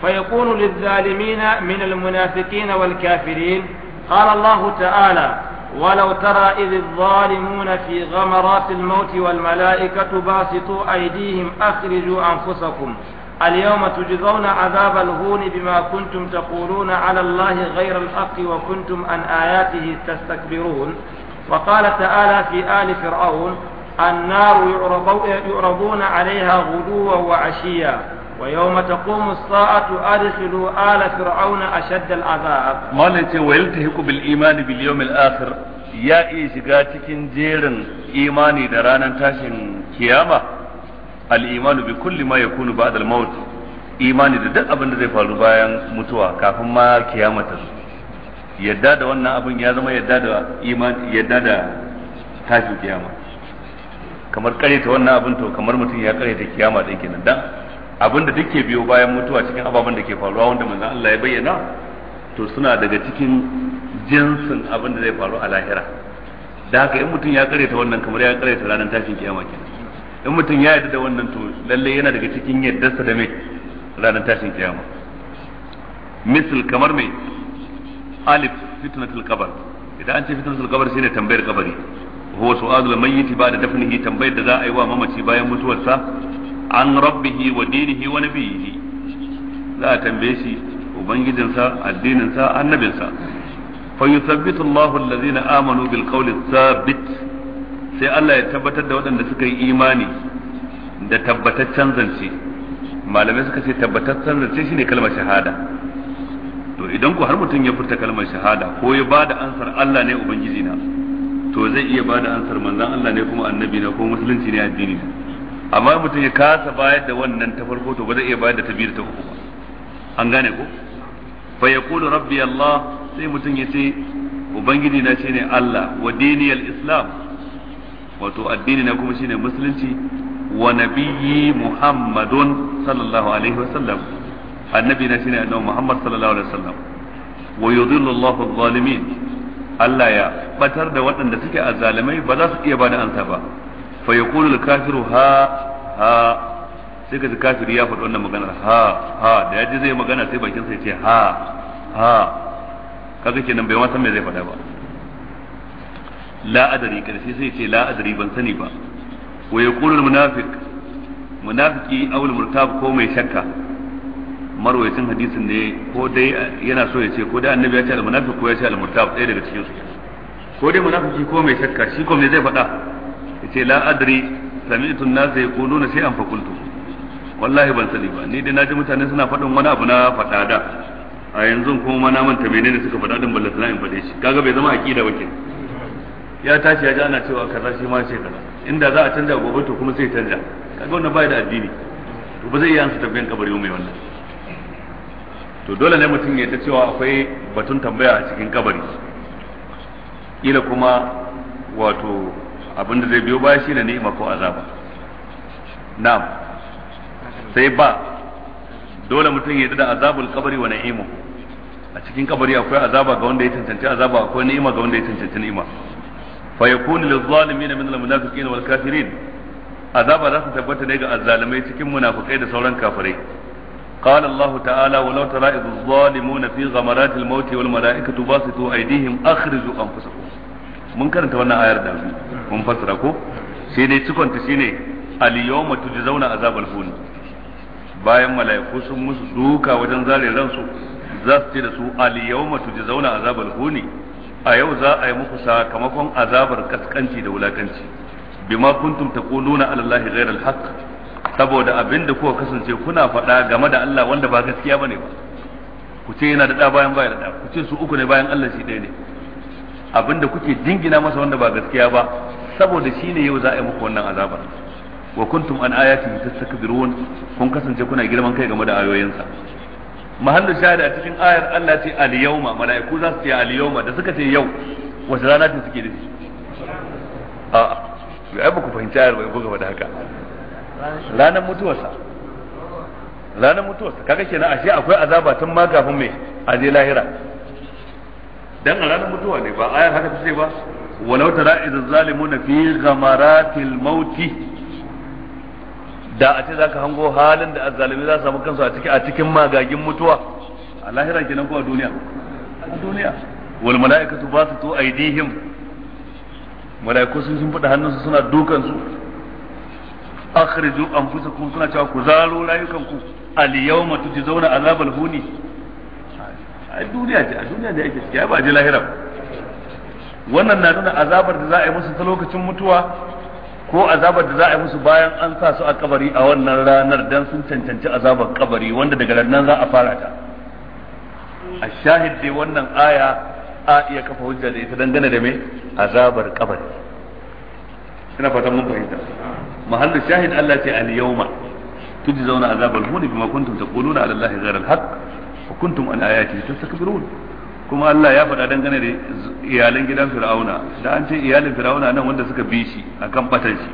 فيكون للظالمين من المنافقين والكافرين قال الله تعالى ولو ترى إذ الظالمون في غمرات الموت والملائكة باسطوا أيديهم أخرجوا أنفسكم اليوم تجزون عذاب الهون بما كنتم تقولون على الله غير الحق وكنتم عن آياته تستكبرون وقال تعالى في آل فرعون النار يعرضون عليها غدوا وعشيا ويوم تقوم الساعة أدخلوا آل فرعون أشد العذاب ما لنتي ويلتهك بالإيمان باليوم الآخر يا إيشقاتك تكن جيرن إيماني دران تاشن كيامة الإيمان بكل ما يكون بعد الموت إيماني دد أبن abin da متوى كافما كيامة mutuwa وانا أبن يازم ta إيمان da wannan كيامة kamar kare ta wannan abin to kamar mutum ya kare ta kiyama din kenan dan abin da duke biyo bayan mutuwa cikin ababen da ke faruwa wanda manzon Allah ya bayyana to suna daga cikin jinsin abin da zai faru a lahira da haka in mutum ya kare ta wannan kamar ya kare ta ranar tashin kiyama kenan in mutum ya yarda da wannan to lalle yana daga cikin yaddarsa da mai ranar tashin kiyama misal kamar mai alif fitnatul qabr idan an ce fitnatul qabr shine tambayar kabari huwa su'alul mayyit ba'da dafnihi tambayar da za a yi wa mamaci bayan mutuwarsa an rabbihi wa dinihi wa nabiyhi za a tambaye shi ubangijinsa addininsa annabinsa fa yuthabbitu Allahu alladhina amanu bil qawli sai Allah ya tabbatar da waɗanda suka yi imani da tabbataccen zance malamai suka ce tabbataccen zance shine kalmar shahada to idan ku har mutum ya furta kalmar shahada ko ya da ansar Allah ne ubangiji na to zai iya ba da ansar manzon Allah ne kuma annabi na ko musulunci ne addini ne amma mutum ya kasa bayar da wannan ta farko to ba zai iya bayar da ta biyu da ta uku ba an gane ko fa yaqulu rabbi Allah sai mutum ya ce ubangiji na shine Allah wa diniyal islam wato addini na kuma shine musulunci wa nabiyyi muhammadun sallallahu alaihi wa sallam annabi na shine annabi muhammad sallallahu alaihi wa sallam wa yudhillu Allahu adh-dhalimin Allah ya batar da waɗanda suke a zalimai ba za su iya bada ansa ba fa yaqulu al-kafiru ha ha sai ka ji kafiri ya faɗi wannan maganar ha ha da yaji zai magana sai bakin sa ya ce ha ha kaga kenan bai ma san me zai faɗa ba la adari karshe sai ce la ban sani ba wa yaqulu al-munafiq munafiki aw al-murtab ko mai shakka marwayacin hadisin ne ko dai yana so ya ce ko dai annabi ya ce almunafiq ko ya ce al-murtab ɗaya daga cikin su ko dai munafiki ko mai shakka shi ko me zai faɗa ce la adri sami'tu an-nas yaquluna shay'an fa qultu wallahi ban sani ba ni dai naji mutane suna faɗin wani abu na faɗa da a yanzu kuma ma na manta menene suka faɗa din ballan sana'in faɗe shi kaga bai zama aqida ba ke? ya tashi ya ji ana cewa kaza shi ma ce kaza inda za a canja gobe to kuma sai canja kaga wannan bai da addini to ba zai yi su tabbiyan kabari mai wannan to dole ne mutum ya ta cewa akwai batun tambaya a cikin kabari ila kuma wato abin da zai biyo baya ne ni'ima ko azaba na'am sai ba dole mutum ya da azabul kabari wa na'imu a cikin kabari akwai azaba ga wanda ya cancanci azaba akwai ni'ima ga wanda ya cancanci ni'ima fa yakunu lizalimin min almunafiqin wal kafirin azaba za su tabbata ne ga azzalimai cikin munafikai da sauran kafirai قال الله تعالى ولو ترى إذ الظالمون في غمرات الموت والملائكة باسطوا أيديهم أخرجوا أنفسكم mun karanta wannan ayar da mun fassara ko sai dai cikon ta shine al bayan mala'iku sun musu duka wajen zare ransu za su ce da su al-yawma tujzauna azabal huni, a yau za a yi muku sakamakon azabar kaskanci da wulakanci bima kuntum ta ala allahi ghayra haqq saboda abin da kuka kasance kuna faɗa game da Allah wanda ba gaskiya bane ba ku ce yana da ɗa bayan baya da ɗa ku ce su uku ne bayan Allah shi ɗaya ne abin da kuke dingina masa wanda ba gaskiya ba saboda shi ne yau za a yi muku wannan azabar wa kuntum an ayati tastakbirun kun kasance kuna girman kai game da ayoyinsa mahallin shahada a cikin ayar Allah ce al yawma mala'iku za su ce al yawma da suka ce yau wace rana ce suke da shi a'a ai ba ku fahimci ayar ba ku gaba da haka ranar mutuwarsa ranar mutuwarsa kaga kenan ashe akwai azaba tun ma kafin mai a je lahira dan a ranar mutuwa ne ba ayar haka ce ba walau tara idza zalimuna fi ghamaratil mauti da a ce zaka hango halin da azzalimi za su samu kansu a cikin a cikin magagin mutuwa a lahira kenan ko a duniya a duniya wal mala'ikatu basatu aydihim mala'iku sun sun fada hannunsu suna dukan su akhriju anfusakum suna cewa ku zaro rayukanku al yawma tujzauna azabal huni a duniya ce a duniya da ake ciki ba je lahira wannan na nuna azabar da za a yi musu ta lokacin mutuwa ko azabar da za a yi musu bayan an sa su a kabari a wannan ranar dan sun cancanci azabar kabari wanda daga nan za a fara ta a shahid dai wannan aya a iya kafa hujja da ita dangane da me azabar kabari ina fatan mun fahimta mahallu shahid Allah ce al yawma tujzauna azabal huni bima kuntum taquluna ala Allah ghayra al haqq wa kuntum an ayatihi tastakbirun kuma Allah ya faɗa dangane da iyalan gidan Fir'auna da an ce iyalin Fir'auna nan wanda suka bi shi akan batan shi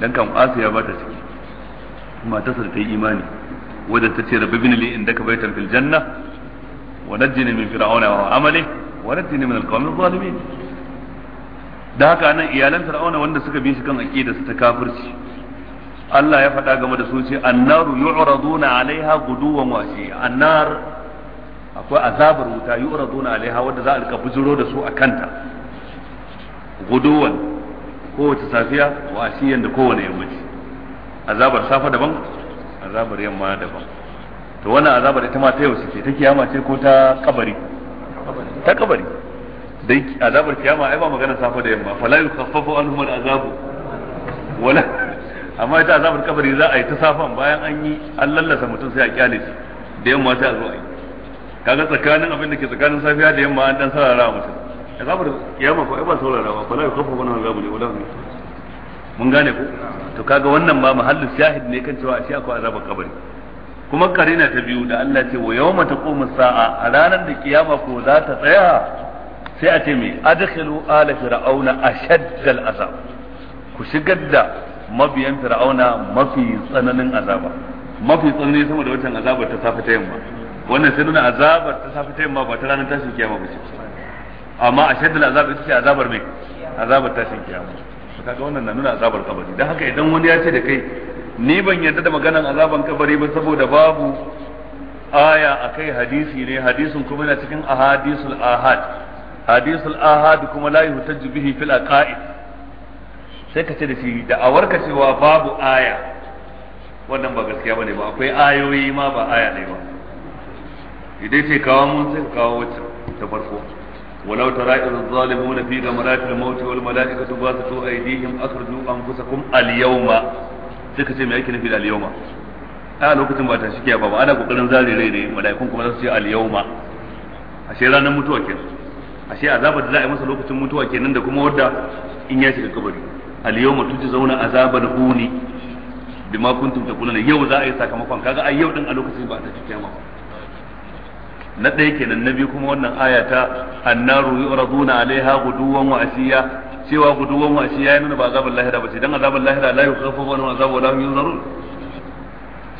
dan kan Asiya ba ta ciki matarsa da ta yi imani wadda ta ce rabbi bin li indaka baitan fil janna wa najjini fir'auna wa amali wa najjini min da haka nan iyalan fir'auna wanda suka bi shi kan aqida su ta kafirci Allah ya faɗa game da su ce annaru yu'raduna alaiha guduwan wasi annar akwai azabar wuta yu'raduna alaiha wanda za a rika bujiro da su a kanta guduwan kowace safiya wasiyan da kowane yammaci azabar safa daban azabar yamma daban to wannan azabar ita ma ta yau suke ta kiyama ce ko ta kabari ta kabari dai azabar kiyama ai ba magana safa da yamma fala yukhaffafu anhum al'azab wala amma ita azabar kabari za a yi ta safan bayan an yi an lallasa mutum sai a kyale shi da yamma sai a zo a yi kaga tsakanin abin da ke tsakanin safiya da yamma an dan sarara mutum azabar kiyama ko ai ba saurarawa fala yukhaffafu anhum al'azab wala mun gane ko to kaga wannan ba mahallu shahid ne kan cewa ashe akwai azabar kabari kuma karina ta biyu da Allah ce wa yawma taqumu sa'a a ranar da kiyama ko za ta tsaya sai a ce mai adkhilu ala fir'auna ashaddal azab ku shigar da mabiyan fir'auna mafi tsananin azaba mafi tsanani sama da wancan azabar ta safe ta yamma wannan sai nuna azabar ta safe ta yamma ba ta ranar tashin kiyama ba ce amma ashaddal azab ita ce azabar mai azabar tashin kiyama kaga wannan na nuna azabar kabari dan haka idan wani ya ce da kai ni ban yarda da maganan azaban kabari ba saboda babu aya akai hadisi ne hadisin kuma na cikin ahadisul ahad حديث ahad kuma لا yuhtaju به في aqaid sai ka ce da shi da awarka wa babu aya wannan ba gaskiya bane ba akwai ayoyi ma ba aya ne ba idan ce kawo mun sai kawo wacce ta farko ولو ترى إذ الظالمون في غمرات الموت والملائكة باسطوا أيديهم أخرجوا أنفسكم Sai ka ce me yake nufi da al-yawma a lokacin ba ta shike ba ana kokarin zare rai ne mala'ikun kuma za su ce al-yawma ashe ranar mutuwa kenan ashe azabar da za a yi masa lokacin mutuwa kenan da kuma wadda in ya shiga kabari al yawma zauna azabal huni bima kuntum taquluna yau za a yi sakamakon kaga ai yau din a lokacin ba ta cikin ba na ɗaya kenan na biyu kuma wannan aya ta annaru yuraduna alaiha guduwan wa asiya cewa guduwan wa asiya yana ba azabul lahira ba sai dan azabul lahira la yukhaffafu anhu azabu wa la yunzarun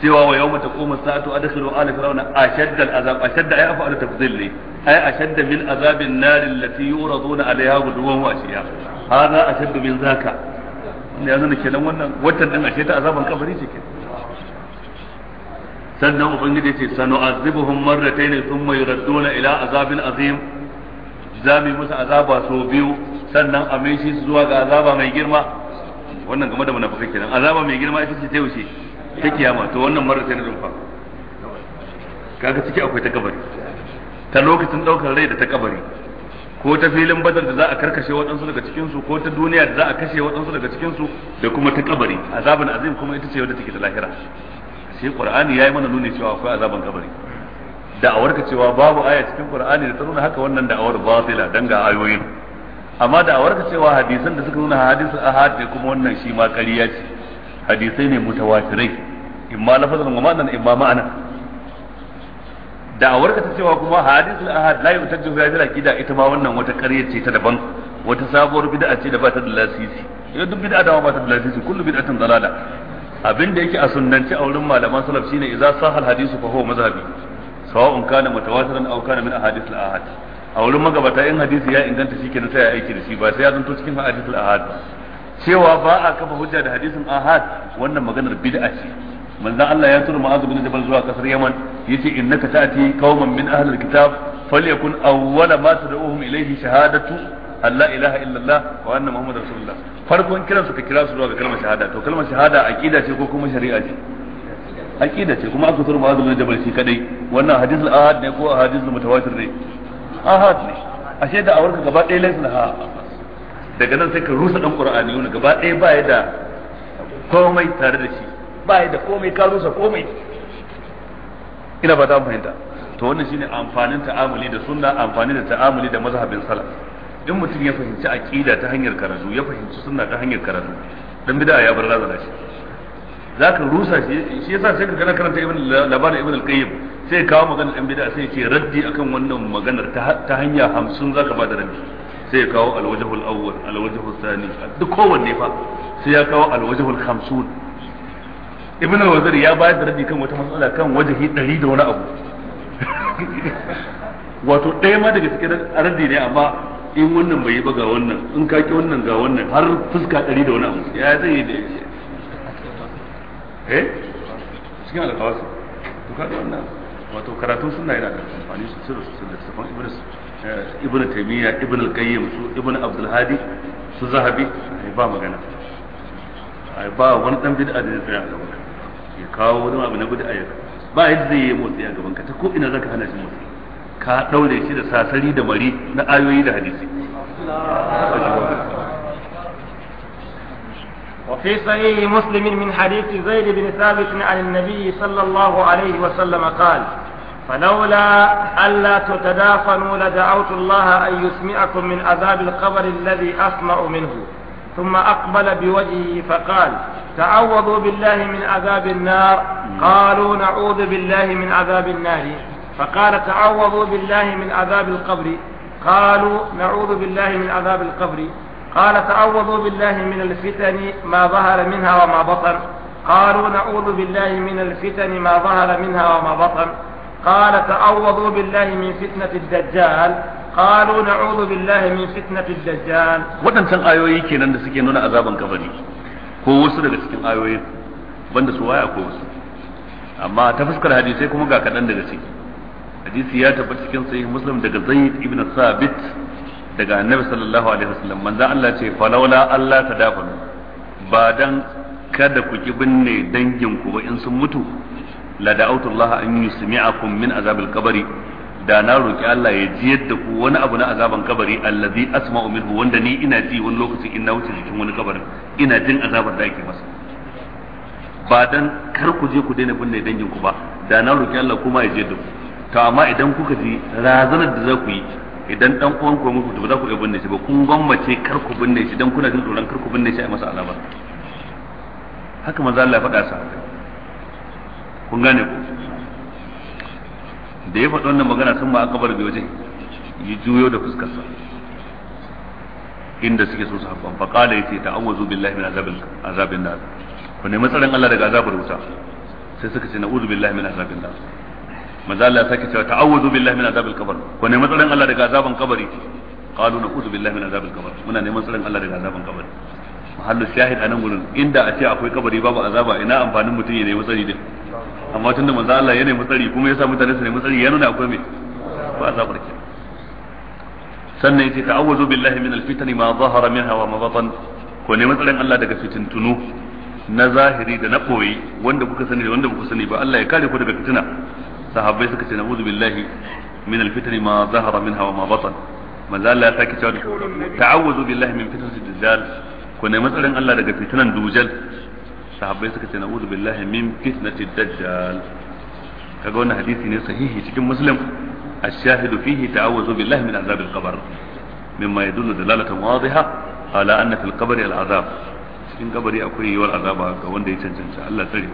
cewa wa yawma taqumu sa'atu adkhilu ala fir'auna ashadda al'azab ashadda ay afa al-tafdhil li ay ashadda min azab an-nar allati yuraduna 'alayha ghudwan wa ashiya hadha ashadda min zaka ne yanzu kenan wannan watan din ashe ta azaban kabari ce ke. sannan ubangiji ce sanu'azibuhum marratayn thumma yuradduna ila azabin azim zami musu azaba so biyu sannan a mai shi zuwa ga azaba mai girma wannan game da munafikai kenan azaba mai girma ita ce ta wuce ta kiyama to wannan marar sai na rumfa kaga ciki akwai ta kabari ta lokacin daukar rai da ta kabari ko ta filin badar da za a karkashe waɗansu daga cikinsu ko ta duniya da za a kashe waɗansu daga cikinsu da kuma ta kabari azabin azim kuma ita ce wadda take da lahira shi qur'ani yayi mana nuni cewa akwai azaban kabari da'awar ka cewa babu aya cikin qur'ani da ta nuna haka wannan da'awar batila dan ga ayoyin amma da ka cewa hadisan da suka nuna hadisul ahad ne kuma wannan shi ma ƙarya ce hadisai ne mutawatirai imma lafazan wa ma'anan imma ma'anan Da ka ta cewa kuma hadithul ahad la yutajju bi hadhihi aqida ita ma wannan wata ƙarya ce ta daban wata sabuwar bid'a ce da ba ta da lasisi ya duk bid'a da ba ta da lasisi kullu bid'atin dalala abin da yake a sunnanci a wurin malaman salaf shine idza sahal hadisu fa huwa mazhabi sawa'un kana mutawatiran aw kana min ahadithul ahad a wurin magabata in hadisi ya inganta shikenan sai ya aiki da shi ba sai ya zanto cikin hadithul ahad cewa ba a kafa hujja da hadisin ahad wannan maganar bid'a ce manzon Allah ya tura Mu'adh bin Jabal zuwa kasar Yaman yace innaka ta'ti qauman min ahli alkitab falyakun awwala ma tad'uhum ilayhi shahadatu an la ilaha illallah wa anna muhammadar rasulullah farkon kiran su ka kira su zuwa ga kalmar shahada to kalmar shahada aqida ce ko kuma shari'a ce aqida ce kuma aka tura Mu'adh bin Jabal shi kadai wannan hadith al-ahad ne ko hadith mutawatir ne ahad ne A ashe da awarka gaba ɗaya laifin laha daga nan sai ka rusa ɗan qur'ani wani gaba ɗaya ba ya da komai tare da shi ba da komai ka rusa komai ina ba ta fahimta to wannan shine amfanin ta'amuli da sunna amfani da ta'amuli da mazhabin salaf in mutum ya fahimci aqida ta hanyar karatu ya fahimci sunna ta hanyar karatu dan bid'a ya bar razana shi zaka rusa shi shi yasa sai ka gana karanta ibn labarin ibn al-qayyim sai kawo maganar dan bid'a sai ce raddi akan wannan maganar ta hanya 50 zaka bada raddi sai kawo al-wajhul awwal al-wajhul thani duk kowanne fa sai ya kawo al-wajhul ibn wazir ya bayar da rabi kan wata matsala kan wajahi ɗari da wani abu wato ɗaya ma daga cikin radi ne amma in wannan bai yi ba ga wannan in ka ki wannan ga wannan har fuska ɗari da wani abu ya zai yi da eh cikin alƙawasu to kaga wannan wato karatu suna yana da amfani su da su da safan ibn eh, ibn taymiya ibn al-qayyim su ibn abdul hadi su zahabi ba magana ai ba wani dan bid'a da zai tsaya a gaba kawo wani abu na gudu a yanzu ba yadda zai yi motsi a gaban ka ta ko ina zaka hana shi motsi ka daure shi da sasari da mari na ayoyi da hadisi وفي صحيح مسلم من حديث زيد بن ثابت عن النبي صلى الله عليه وسلم قال فلولا ألا تتدافنوا لدعوت الله أن يسمعكم من عذاب القبر الذي أسمع منه ثم أقبل بوجهه فقال تعوذوا بالله من عذاب النار قالوا نعوذ بالله من عذاب النار فقال تعوذوا بالله من عذاب القبر قالوا نعوذ بالله من عذاب القبر قال تعوذوا بالله من الفتن ما ظهر منها وما بطن قالوا نعوذ بالله من الفتن ما ظهر منها وما بطن قال تعوضوا بالله من فتنة الدجال قالوا نعوذ بالله من فتنة الدجال waɗancan ayoyi kenan da suke nuna azaban kabari ko wasu daga cikin ayoyi banda su waya ko wasu amma ta fuskar hadisai kuma ga kaɗan daga ciki hadisi ya tabbata cikin sahih muslim daga zaid ibn sabit daga annabi sallallahu alaihi wasallam manzo Allah ce falawla Allah tadafanu ba dan kada ku ki binne dangin ku ba in sun mutu la da'awtu Allah an yusmi'akum min azabil qabri da na roki Allah ya jiyar da ku wani abu na azaban kabari allazi asma'u minhu wanda ni ina ji wani lokacin ina wuce jikin wani kabarin ina jin azabar da ake masa ba dan kar ku je ku daina binne dangin ku ba da na roki Allah kuma ya jiyar da ku to amma idan kuka ji razanar da za ku yi idan dan uwan ku muku to ba za ku iya binne shi ba kun gwammace kar ku binne shi dan kuna jin tsoron kar ku binne shi a masa azaba haka maza Allah ya faɗa sa kun gane ku da ya faɗi wannan magana sun ma akabar bi waje yi juyo da fuskarsa inda suke so su haɓɓan faƙala ya ce ta'awwazu billahi min azabin da ku nemi tsaron Allah daga azabar wuta sai suka ce na'udhu billahi min azabin da manzo Allah ya sake cewa ta'awwazu billahi min azabin kabar ku nemi tsaron Allah daga azaban kabari na na'udhu billahi min azabin kabar muna neman tsaron Allah daga azaban kabari mahallu shahid nan gurin inda a ce akwai kabari babu azaba ina amfanin mutum ya nemi tsari din amma tunda manzo Allah ya nemi tsari kuma yasa mutane su nemi tsari ya nuna akwai me ba za barke sannan yace ta'awuzu billahi min alfitani ma zahara minha wa ma batan ko nemi tsarin Allah daga fitintunu na zahiri da na koyi wanda kuka sani da wanda kuka sani ba Allah ya kare ku daga fitina sahabbai suka ce na'udhu billahi min alfitani ma zahara minha wa ma batan manzo Allah ya sake cewa ta'awuzu billahi min fitnatid dajjal ko nemi tsarin Allah daga fitinan dujal sahabbai suka ce na'udhu billahi min fitnati dajjal kaga wannan hadisi ne sahihi cikin muslim الشاهد فيه تعوذ بالله من عذاب القبر مما يدل دلالة واضحة على أن في القبر العذاب cikin kabari akwai yiwuwar azaba ga wanda ya cancanta Allah tsare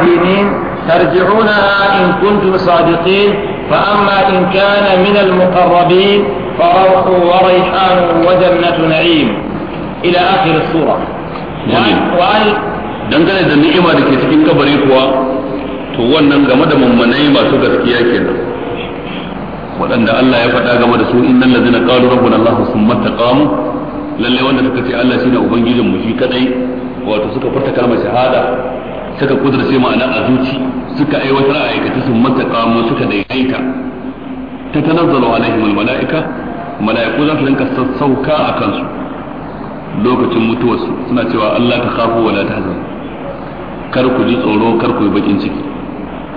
دينين ترجعونها إن كنتم صادقين فأما إن كان من المقربين فروح وريحان وجنة نعيم إلى آخر السورة dangane da ni'ima da ke cikin kabari kuwa to wannan game da mummunai masu gaskiya kenan waɗanda Allah ya faɗa game da su innal ladzina qalu rabbuna Allah summa taqamu lalle wanda suka ce Allah shine ubangijin mu shi kadai wato suka furta kalmar shahada suka kudurce ma'ana a zuci suka aiwatar a aikata sun mataqamu suka daidaita tatanazzalu alaihim almalaika malaiku za su rinka sassauka a kansu lokacin mutuwarsu suna cewa Allah ta khafu wala tahzan kar ku ji tsoro kar ku yi bakin ciki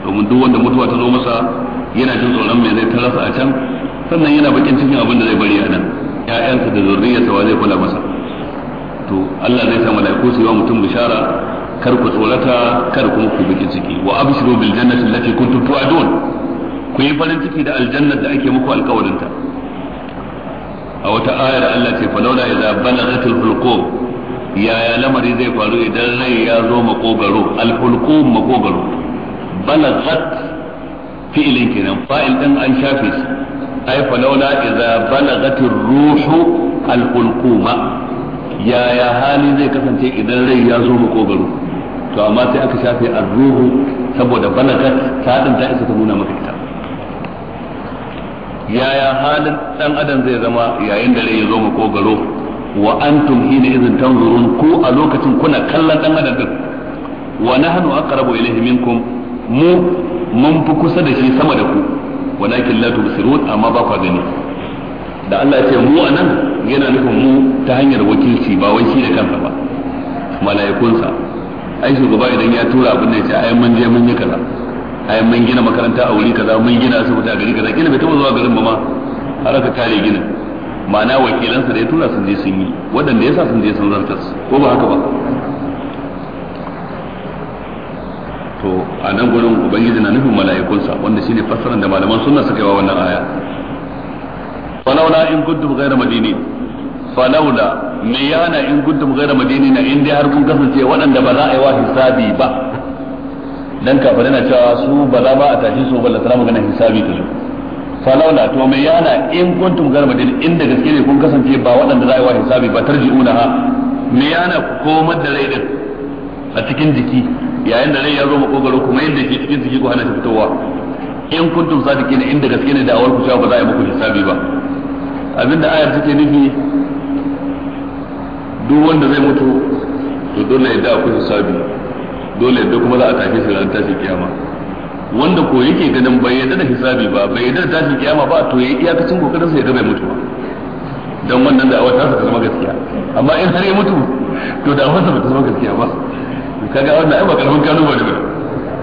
domin duk wanda mutuwa ta zo masa yana jin tsoron me zai tarasa a can sannan yana bakin cikin abin da zai bari a nan ƴaƴansa da zurriyarsa wa zai kula masa to Allah zai sa mala'iku su yi wa mutum bishara kar ku tsorata kar kuma ku bakin ciki wa abshiru bil jannati allati kuntum tu'adun ku yi farin ciki da aljannan da ake muku alƙawarinta a wata ayar Allah ce falaula idza balagatil hulqum yaya lamari zai faru idan rai ya zo makogaro al makogaro balagat fi'ilin kenan fa'il din an shafe shi ay falaula idza balagatir ruhu al hulquma yaya hali zai kasance idan rai ya zo makogaro to amma sai aka shafe ar ruhu saboda balagat ta din ta isa ta nuna maka ita yaya halin dan adam zai zama yayin da rai ya zo garo wa antum hina idhin tanzurun ku a lokacin kuna kallon dan adam din wa nahnu aqrabu ilayhi minkum mu mun fi kusa da shi sama da ku walakin la tubsirun amma ba ku gani da Allah ya ce mu anan yana nufin mu ta hanyar wakilci ba wai shi da kansa ba mala'ikunsa ai shugaba idan ya tura abin da ya ce ai mun je mun yi kaza ai mun gina makaranta a wuri kaza mun gina asibiti a gari kaza kina bai taba zuwa garin ba ma har aka kare gina ma'ana wakilansa da ya tura sun je sun yi waɗanda ya sa sun je sun zartas ko ba haka ba to a nan gurin ubangiji na nufin mala'ikunsa wanda shine fassarar da malaman sunna suka yi wa wannan aya falaula in kuntum ghayra madini falaula me yana in kuntum ghayra in dai har kun kasance waɗanda ba za a yi wa hisabi ba dan kafare na cewa su ba za ba a tashi su ba la sana magana hisabi ta zo falaula to me yana in kuntum garmadin inda gaske ne kun kasance ba waɗanda za a yi wa hisabi ba tarji'una ha me yana ku komar da rai din a cikin jiki yayin da rai ya zo makogaro kuma yadda ke cikin jiki ku hana shi fitowa in kuntum sadiki ne inda gaske ne da awar ku cewa ba za a yi muku hisabi ba abinda ayar take nufi duk wanda zai mutu to dole ya da ku hisabi dole da kuma za a tafi shi ranar tashin kiyama wanda ko yake ganin bai yadda da hisabi ba bai yadda da tashin kiyama ba to yayi iyakacin kokarin sa ya ga bai mutu ba dan wannan da awata ta zama gaskiya amma in har ya mutu to da awata ba ta zama gaskiya ba kaga wannan ai ba karamin kano ba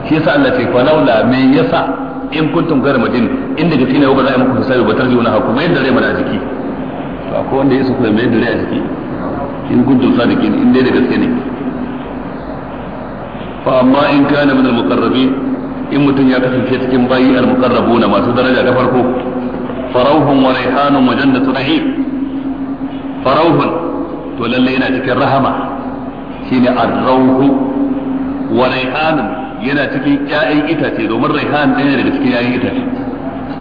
shi yasa Allah ce fa laula me yasa in kuntum gar madin inda gaske ne ba za a muku hisabi ba tarjiwa na hakuma yadda rai mana a jiki to akwai wanda yasa kuma mai yadda rai a jiki in kuntum sadiqin in dai da gaske ne fa amma in kana min al-muqarrabin in mutum ya kasance cikin bayi al-muqarrabuna masu daraja ta farko farauhun wa raihanun wa jannatu na'im farauhun to lalle yana cikin rahama shine ar-rauhu wa raihanun yana cikin ƴaƴan itace domin raihan ɗaya daga cikin ƴaƴan itace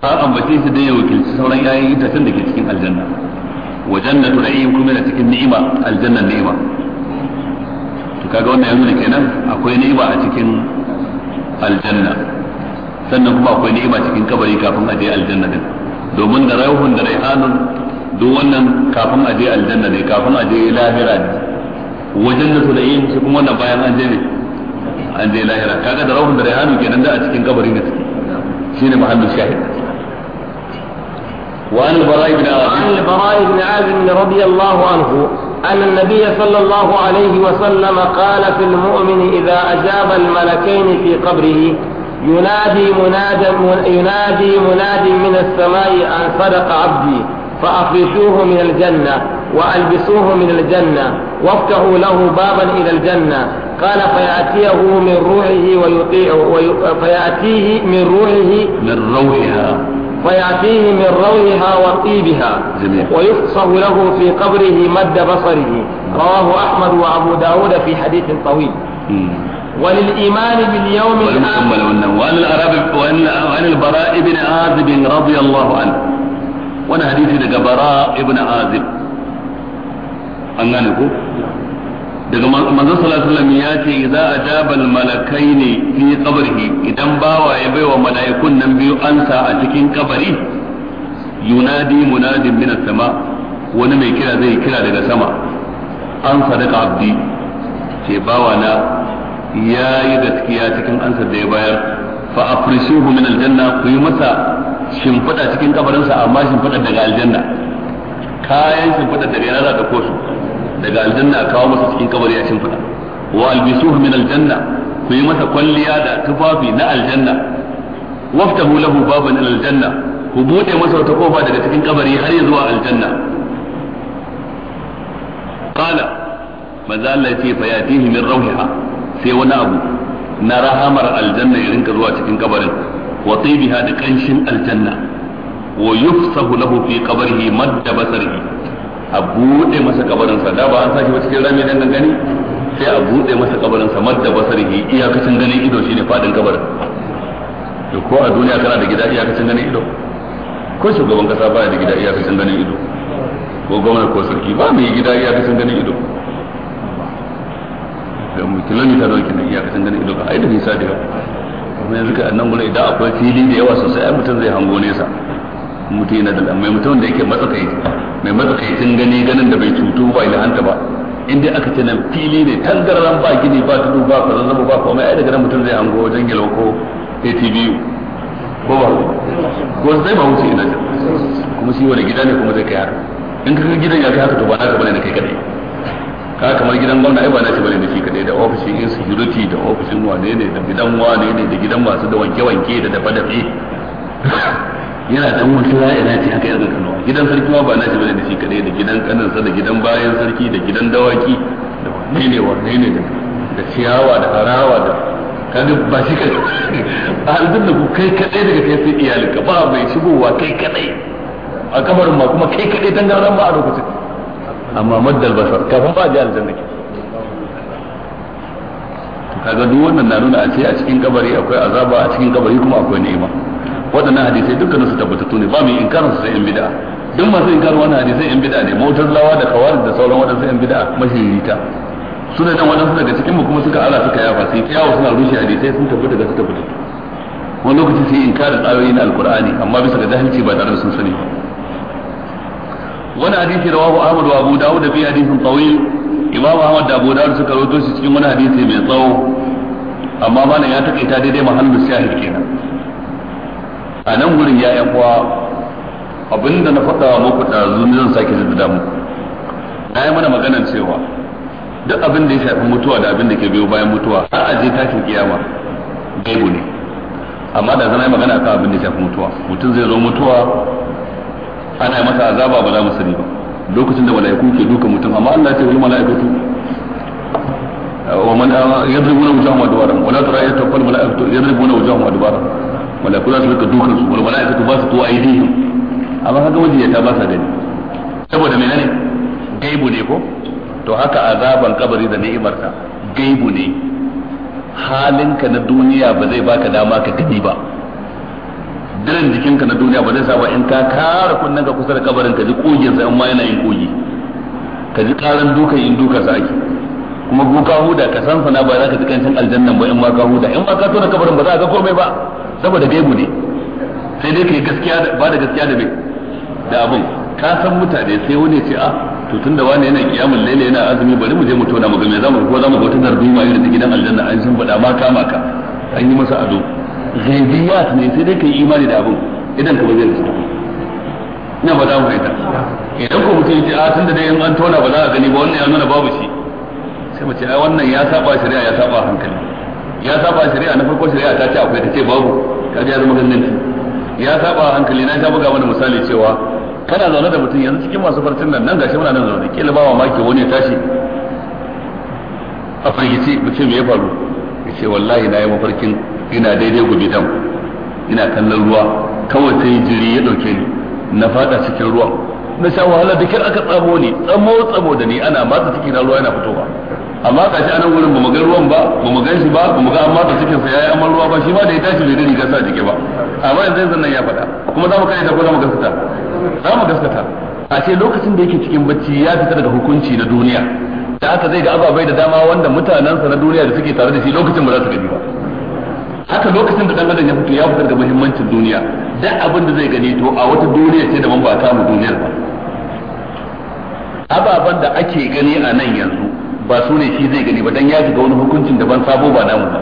an ambace shi da ya wakilci sauran ƴaƴan itacen da ke cikin aljanna kuma yana cikin ni'ima aljannan ni'ima to kaga wannan ya nuna kenan akwai ni'ima a cikin aljanna sannan kuma akwai ni'ima cikin kabari kafin a je aljanna din domin da rauhun da raihanun duk wannan kafin a je aljanna ne kafin a je lahira ne wajen da sulayin shi kuma wannan bayan an je ne an je lahira kaga da rauhun da raihanu kenan da a cikin kabari ne suke shine mahallin shahid وعن البراء بن عازب عن البراء بن رضي الله عنه أن النبي صلى الله عليه وسلم قال في المؤمن إذا أجاب الملكين في قبره ينادي مناد ينادي مناد من السماء أن صدق عبدي فأفرشوه من الجنة وألبسوه من الجنة وافتحوا له بابا إلى الجنة قال فيأتيه من روحه ويطيع وي... فيأتيه من روحه من روحها فيأتيه من روعها وطيبها جميل. له في قبره مد بصره رواه أحمد وأبو داود في حديث طويل وللإيمان باليوم الآخر وأن وأن البراء بن عازب رضي الله عنه وأنا حديثي لك براء بن عازب أن daga manzon sallallahu alaihi ya ce idza ajaba al malakaini fi qabrihi idan bawa ya baiwa malaikun nan biyu ansa a cikin kabari yunadi munadin min sama wani mai kira zai kira daga sama an sadaka abdi ce bawa na ya yi gaskiya cikin ansa da ya bayar fa afrishuhu min aljanna ku yi masa shimfiɗa cikin kabarinsa amma shimfiɗa daga aljanna kayan shimfiɗa daga yana da kosu daga aljanna a kawo masa cikin kabari ya shimfiɗa wa albisuhu min aljanna ku yi masa kwalliya da tufafi na aljanna waftahu lahu baban aljanna ku bude masa wata kofa daga cikin kabari har ya zuwa aljanna qala manzo Allah ce fa yatihi min rawhiha sai wani abu na rahamar aljanna ya rinka zuwa cikin kabarin wa tibiha da kanshin aljanna wa yufsahu lahu fi qabrihi madda basarihi a buɗe masa kabarinsa da ba an sa shi ba cikin rami nan gani sai a buɗe masa kabarinsa madda basarihi iyakacin ganin ido shine fadin kabarin to ko a duniya kana da gida iyakacin ganin ido ko shugaban kasa baya da gida iyakacin ganin ido ko gwamna ko sarki ba mai gida iyakacin ganin ido da mu kilomita nawa kenan iyakacin ganin ido ka ai da nisa da yawa kuma yanzu ka annan gurin idan akwai fili da yawa sosai ai mutum zai hango nesa mutu yana da mai mutum da yake matsakaici mai matsakaicin gani ganin da bai cutu ba ilahanta ba in dai aka ce nan fili ne tangaran ba gini ba tudu ba kwazazzabo ba komai ai daga nan mutum zai ango wajen gilo ko atv ko ba ko zai ba wuce ina kuma shi wani gida ne kuma zai kai har in ka gidan ya kai haka to ba naka bane da kai kadai ka kamar gidan gwamna ai ba na bane da shi kadai da ofishin security da ofishin wane ne da gidan wane ne da gidan masu da wanke-wanke da dafa-dafe yana dan mutuwa ina ce haka yana kano gidan sarki ma ba na shi bane da shi kadai da gidan kanansa da gidan bayan sarki da gidan dawaki da wanne ne wanne ne da da ciyawa da harawa da kada ba shi ka a harbin da ku kai kadai daga kai sai iyalinka ba mai shigowa kai kadai a kamar ma kuma kai kadai tangaran ba a lokacin amma maddal basar kafin ba ji aljanna ke kaga duk wannan na nuna a ce a cikin kabari akwai azaba a cikin kabari kuma akwai ni'ima waɗannan hadisai dukkanin su tabbatattu ne ba mu inkarin su sai yan bid'a duk masu inkarin wannan hadisai yan bid'a ne lawa, da khawarij da sauran waɗansu yan bid'a mashirita suna nan waɗansu daga cikin mu kuma suka ala suka yafa sai kiyawa suna rushe hadisai sun tabbata ga su tabbatattu wani lokaci sai inkarin ayoyi na alqur'ani amma bisa ga jahilci ba tare da sun sani ba wani hadisi rawahu Ahmad wa Abu Dawud bi hadisin tawil Imam Ahmad da Abu Dawud suka rawaito shi cikin wani hadisi mai tsawo amma mana ya takaita daidai mahallin shahid kenan a nan gurin ya yan uwa abinda na faɗa muku ɗazu zan sake jaddada muku na yi mana maganan cewa duk abin da ya shafi mutuwa da abin da ke biyo bayan mutuwa har a je tashin kiyama gaibu ne amma da zama yi magana a abin da ya shafi mutuwa mutum zai zo mutuwa ana yi masa azaba ba za mu sani ba lokacin da mala'iku ke duka mutum amma Allah ya ce wal mala'ikatu wa man yadribuna wujuhum adwaran wala tara yatafakkar mala'ikatu yadribuna wujuhum adwaran malaku za su rika dukan su wal malaikatu ba su ko aidihi amma kaga ta ba sa gani saboda menene gaibu ne ko to haka azaban kabari da ka gaibu ne halinka na duniya ba zai baka dama ka gani ba jikin jikinka na duniya ba zai sa ba in ka kara kunnen ka kusa da kabarin ka ji kogin sa in ma yana yin kogi ka ji karan dukan in duka sa ake kuma ko ka huda ka san sana ba za ka ji kancin aljannan ba in ma ka huda in ma ka tona kabarin ba za ka komai ba saboda gaibu ne sai dai kai gaskiya ba da gaskiya da mai da abun ka san mutane sai wani ce a ah, to tunda wani yana kiyamul laila yana azumi bari mu je mu tona mu ga me zamu ko zamu ga wata darduma irin ta gidan aljanna an san bada ma kama ka an yi masa ado ghaibiyat ne sai dai kai imani da abun idan ka bazai zai rasu ina ba za mu haita idan ko mutum ce a ah, tun da dai in an tona ba za a gani ba wannan ya nuna babu shi sai mu ce ai wannan ya saba shari'a ya saba hankali ya saba shari'a na farko shari'a ta ce akwai ta ce babu kaga ya zama ganganci ya saba hankali na ta buga mana misali cewa kana zaune da mutum yanzu cikin masu farcin nan nan gashi muna nan zaune kila ba mamaki wani ya tashi a firgici mutum me ya faru ya ce wallahi na yi mafarkin ina daidai gobe dam ina kallon ruwa kawai sai jiri ya dauke ni na fada cikin ruwan na sha wahala da kyar aka tsamo ni tsamo tsamo da ni ana matsa cikin ruwa yana fitowa amma ka ci anan gurin mu ga ruwan ba bamu mu shi ba mu ga amma da cikin sa yayi amman ruwa ba shi ma da ya tashi bai da ga sa jike ba amma yanzu yanzu nan ya faɗa kuma za mu kai ta ko za mu gaskata za mu gaskata a ce lokacin da yake cikin bacci ya fita daga hukunci na duniya da haka zai ga ababai da dama wanda mutanensa na duniya da suke tare da shi lokacin ba za su gani ba haka lokacin da dan adam ya fito ya fitar da muhimmancin duniya da abin da zai gani to a wata duniya ce daban ba ta mu duniyar ba ababan da ake gani a nan yanzu ba su ne shi zai gani ba dan ya shiga wani hukuncin da ban sabo ba namu ba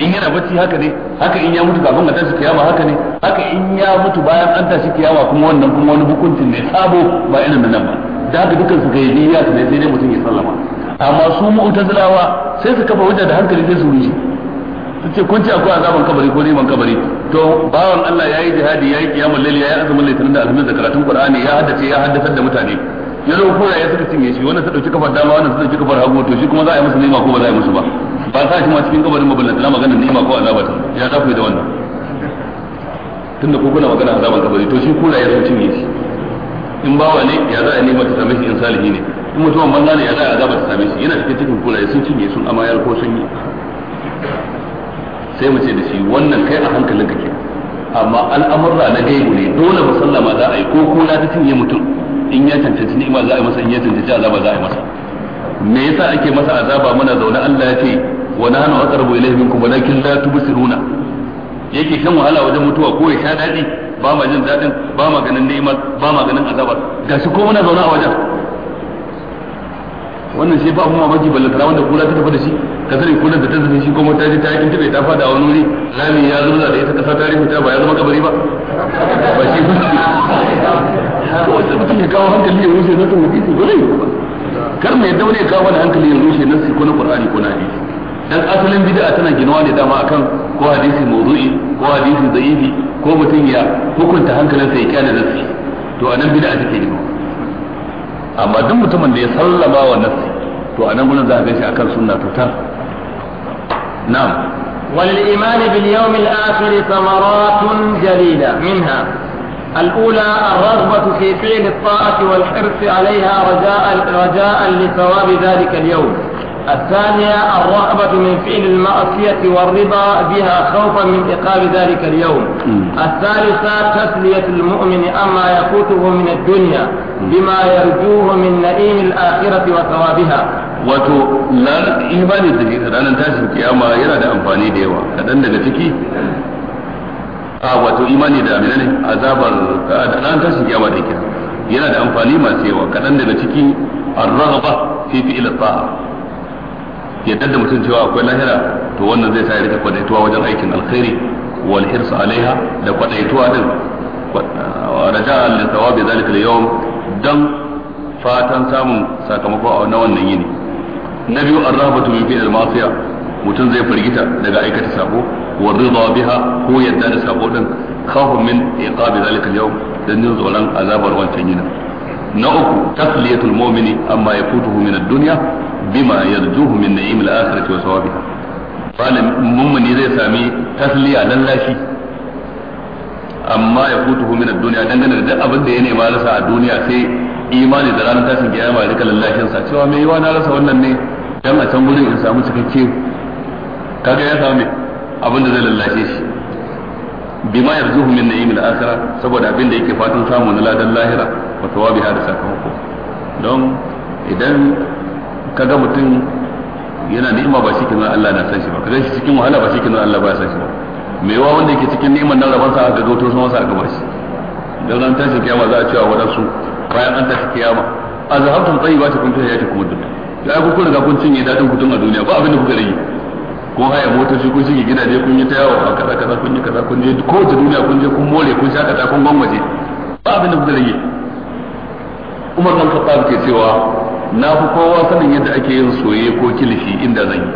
in yana bacci haka ne haka in ya mutu kafin a tashi kiyama haka ne haka in ya mutu bayan an tashi kiyama kuma wannan kuma wani hukuncin ne sabo ba irin nan ba da haka dukkan su gairi ya ne sai dai mutum ya sallama amma su mu'tazilawa sai su kafa wajen da hankali sai su rushe su ce kun ci akwai azaban kabari ko neman kabari to bawan Allah yayi jihadi yayi kiyamul ya yayi azumin litinin da alhamis da karatun qur'ani ya haddace ya haddasar da mutane ya zo kura ya suka cinye shi wannan ta dauki kafar dama wannan ta dauki kafar hagu to shi kuma za a yi masa nima ko ba za a yi masa ba ba sa shi ma cikin kabarin maballanta na maganar nima ko azaba ta ya za ku yi da wannan tunda ko kuna magana azaban kabari to shi kura ya zo cinye shi in bawa ne ya za a nima ta same shi in salihi ne in mutumin banza ne ya za a azaba ta same shi yana cikin cikin kura ya sun cinye sun amayar ko sun yi sai mu ce da shi wannan kai a hankalinka ke amma al'amurra na gaibu ne dole musallama za a yi ko kula ta cinye mutum in ya cancanci ni'ima za a yi masa in ya cancanci azaba za a yi masa me yasa ake masa azaba muna zaune Allah ya ce wa nahnu aqrabu ilayhi minkum walakin la tubsiruna yake kan wahala wajen mutuwa ko ya sha dadi ba ma jin dadin ba ma ganin ni'imar ba ma ganin azabar gashi ko muna zaune a wajen wannan shi ba mu mamaki ballantana wanda kula ta tafi da shi ka sani kullum da ta shi kuma ta ji ta yi tibe ta fada a wani wuri rami ya zurza da ita kasa ta rufe ta ba ya zama kabari ba ba shi ba ko wanda mutum ya kawo hankali ya rushe nasu mu kisi dole kar mai yadda wani ya kawo hankali ya rushe nasu ko na qur'ani ko na hadisi dan asalin bid'a tana ginawa ne dama akan ko hadisi mawdu'i ko hadisi da'ifi ko mutum ya hukunta hankalinsa ya kyale nasu to anan bid'a take ginawa amma duk mutumin da ya sallama wa nasu to anan gurin za a gaishe akan sunna tutar نعم وللإيمان باليوم الآخر ثمرات جليلة منها الأولى الرغبة في فعل الطاعة والحرص عليها رجاء رجاء لثواب ذلك اليوم الثانية الرغبة من فعل المعصية والرضا بها خوفا من عقاب ذلك اليوم م. الثالثة تسلية المؤمن أما يفوته من الدنيا بما يرجوه من نعيم الآخرة وثوابها wato imani da ke ranar tashin kiyama yana da amfani da yawa kaɗan daga ciki a wato imani da amina ne azabar ranar tashin kiyama da kira yana da amfani masu yawa kaɗan daga ciki arraba fi fi'il ta'a yadda da mutum cewa akwai lahira to wannan zai sa ya rika kwadaituwa wajen aikin alkhairi wal hirsu alaiha da kwadaituwa din raja'a li thawabi zalika al-yawm dan fatan samun sakamako na wannan yini na biyu arrabatu min fi'l masiya mutum zai firgita daga aikata sabo wa ridha biha ko yadda da sako din khawfun min iqabi zalika al-yawm dan jin tsoron azabar wancan yinin na uku tasliyatul mu'mini amma yafutuhu min ad-dunya bima yarjuhu min na'im al-akhirati wa sawabiha mu'mini zai sami tasliya lallashi amma ya min ad-dunya dangane da abin da ya nema rasa a duniya sai imani da ranar tashin kiyama ya rika lallashin sa cewa me yawa na rasa wannan ne dan a can gurin in samu cikakke kaga ya samu abin da zai lallashe shi bima yarzuhu min na'im al-akhirah saboda abin da yake fatan samu na ladan lahira fatawa biya da sakamako don idan kaga mutum yana ni'ima ba shi kinan Allah na san shi ba kaga shi cikin wahala ba shi kinan Allah ba ya san shi ba mai yawa wanda yake cikin ni'imar nan rabansa aka to sama sa aka bashi dan ran tashi kiyama za a cewa wadansu bayan an tashi kiyama azhabtum tayyibatikum fi hayatikum dunya ya ku kun riga kun cinye dadin ku tun a duniya ba abin da kuka rage kun haya motoci kun shige gidaje kun yi ta yawo a kaza kaza kun yi kaza kun je ko ta duniya kun je kun more kun shakata kun gwangwaje ba abin da kuka rage umar dan kafa ke cewa na fi kowa sanin yadda ake yin soye ko kilishi inda zan yi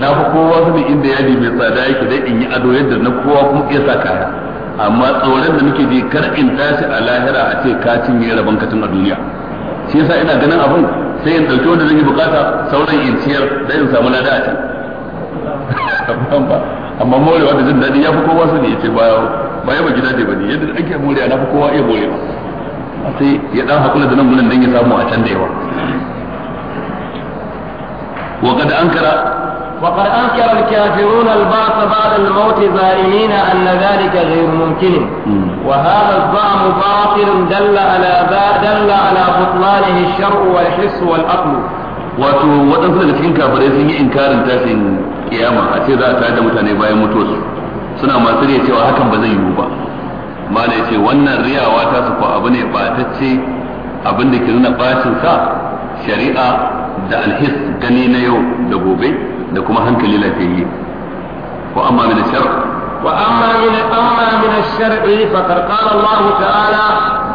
na fi kowa sanin inda yadi mai tsada yake dai in yi ado yadda na kowa kuma iya sa kaya amma tsoron da nake ji kar in tashi a lahira a ce ka cinye rabon katin a duniya shi yasa ina ganin abun sai in dauki wanda zan yi bukata sauran in ciyar da in samu lada a can amma morewa da jin daɗi ya fi kowa sani ya ce ba ba gida ne ba ne yadda ake morewa na fi kowa iya morewa sai ya dan hakula da nan gurin dan ya samu a can da yawa wa kad ankara وقد أنكر الكافرون البعث بعد الموت زائمين أن ذلك غير ممكن وهذا الزعم باطل دل على دل على بطلانه الشرع والحس والعقل wato waɗansu daga cikin kafirai sun yi inkarin tashin kiyama a ce za a tare da mutane bayan mutuwarsu suna masu riya cewa hakan ba zai yiwu ba mala yace wannan riyawa ta su ko abu ne batacce abin da ke nuna bacin sa shari'a da alhis gani na yau da gobe da kuma hankali lafiyayye wa amma min shar wa amma min amma min shar faqad qala Allah ta'ala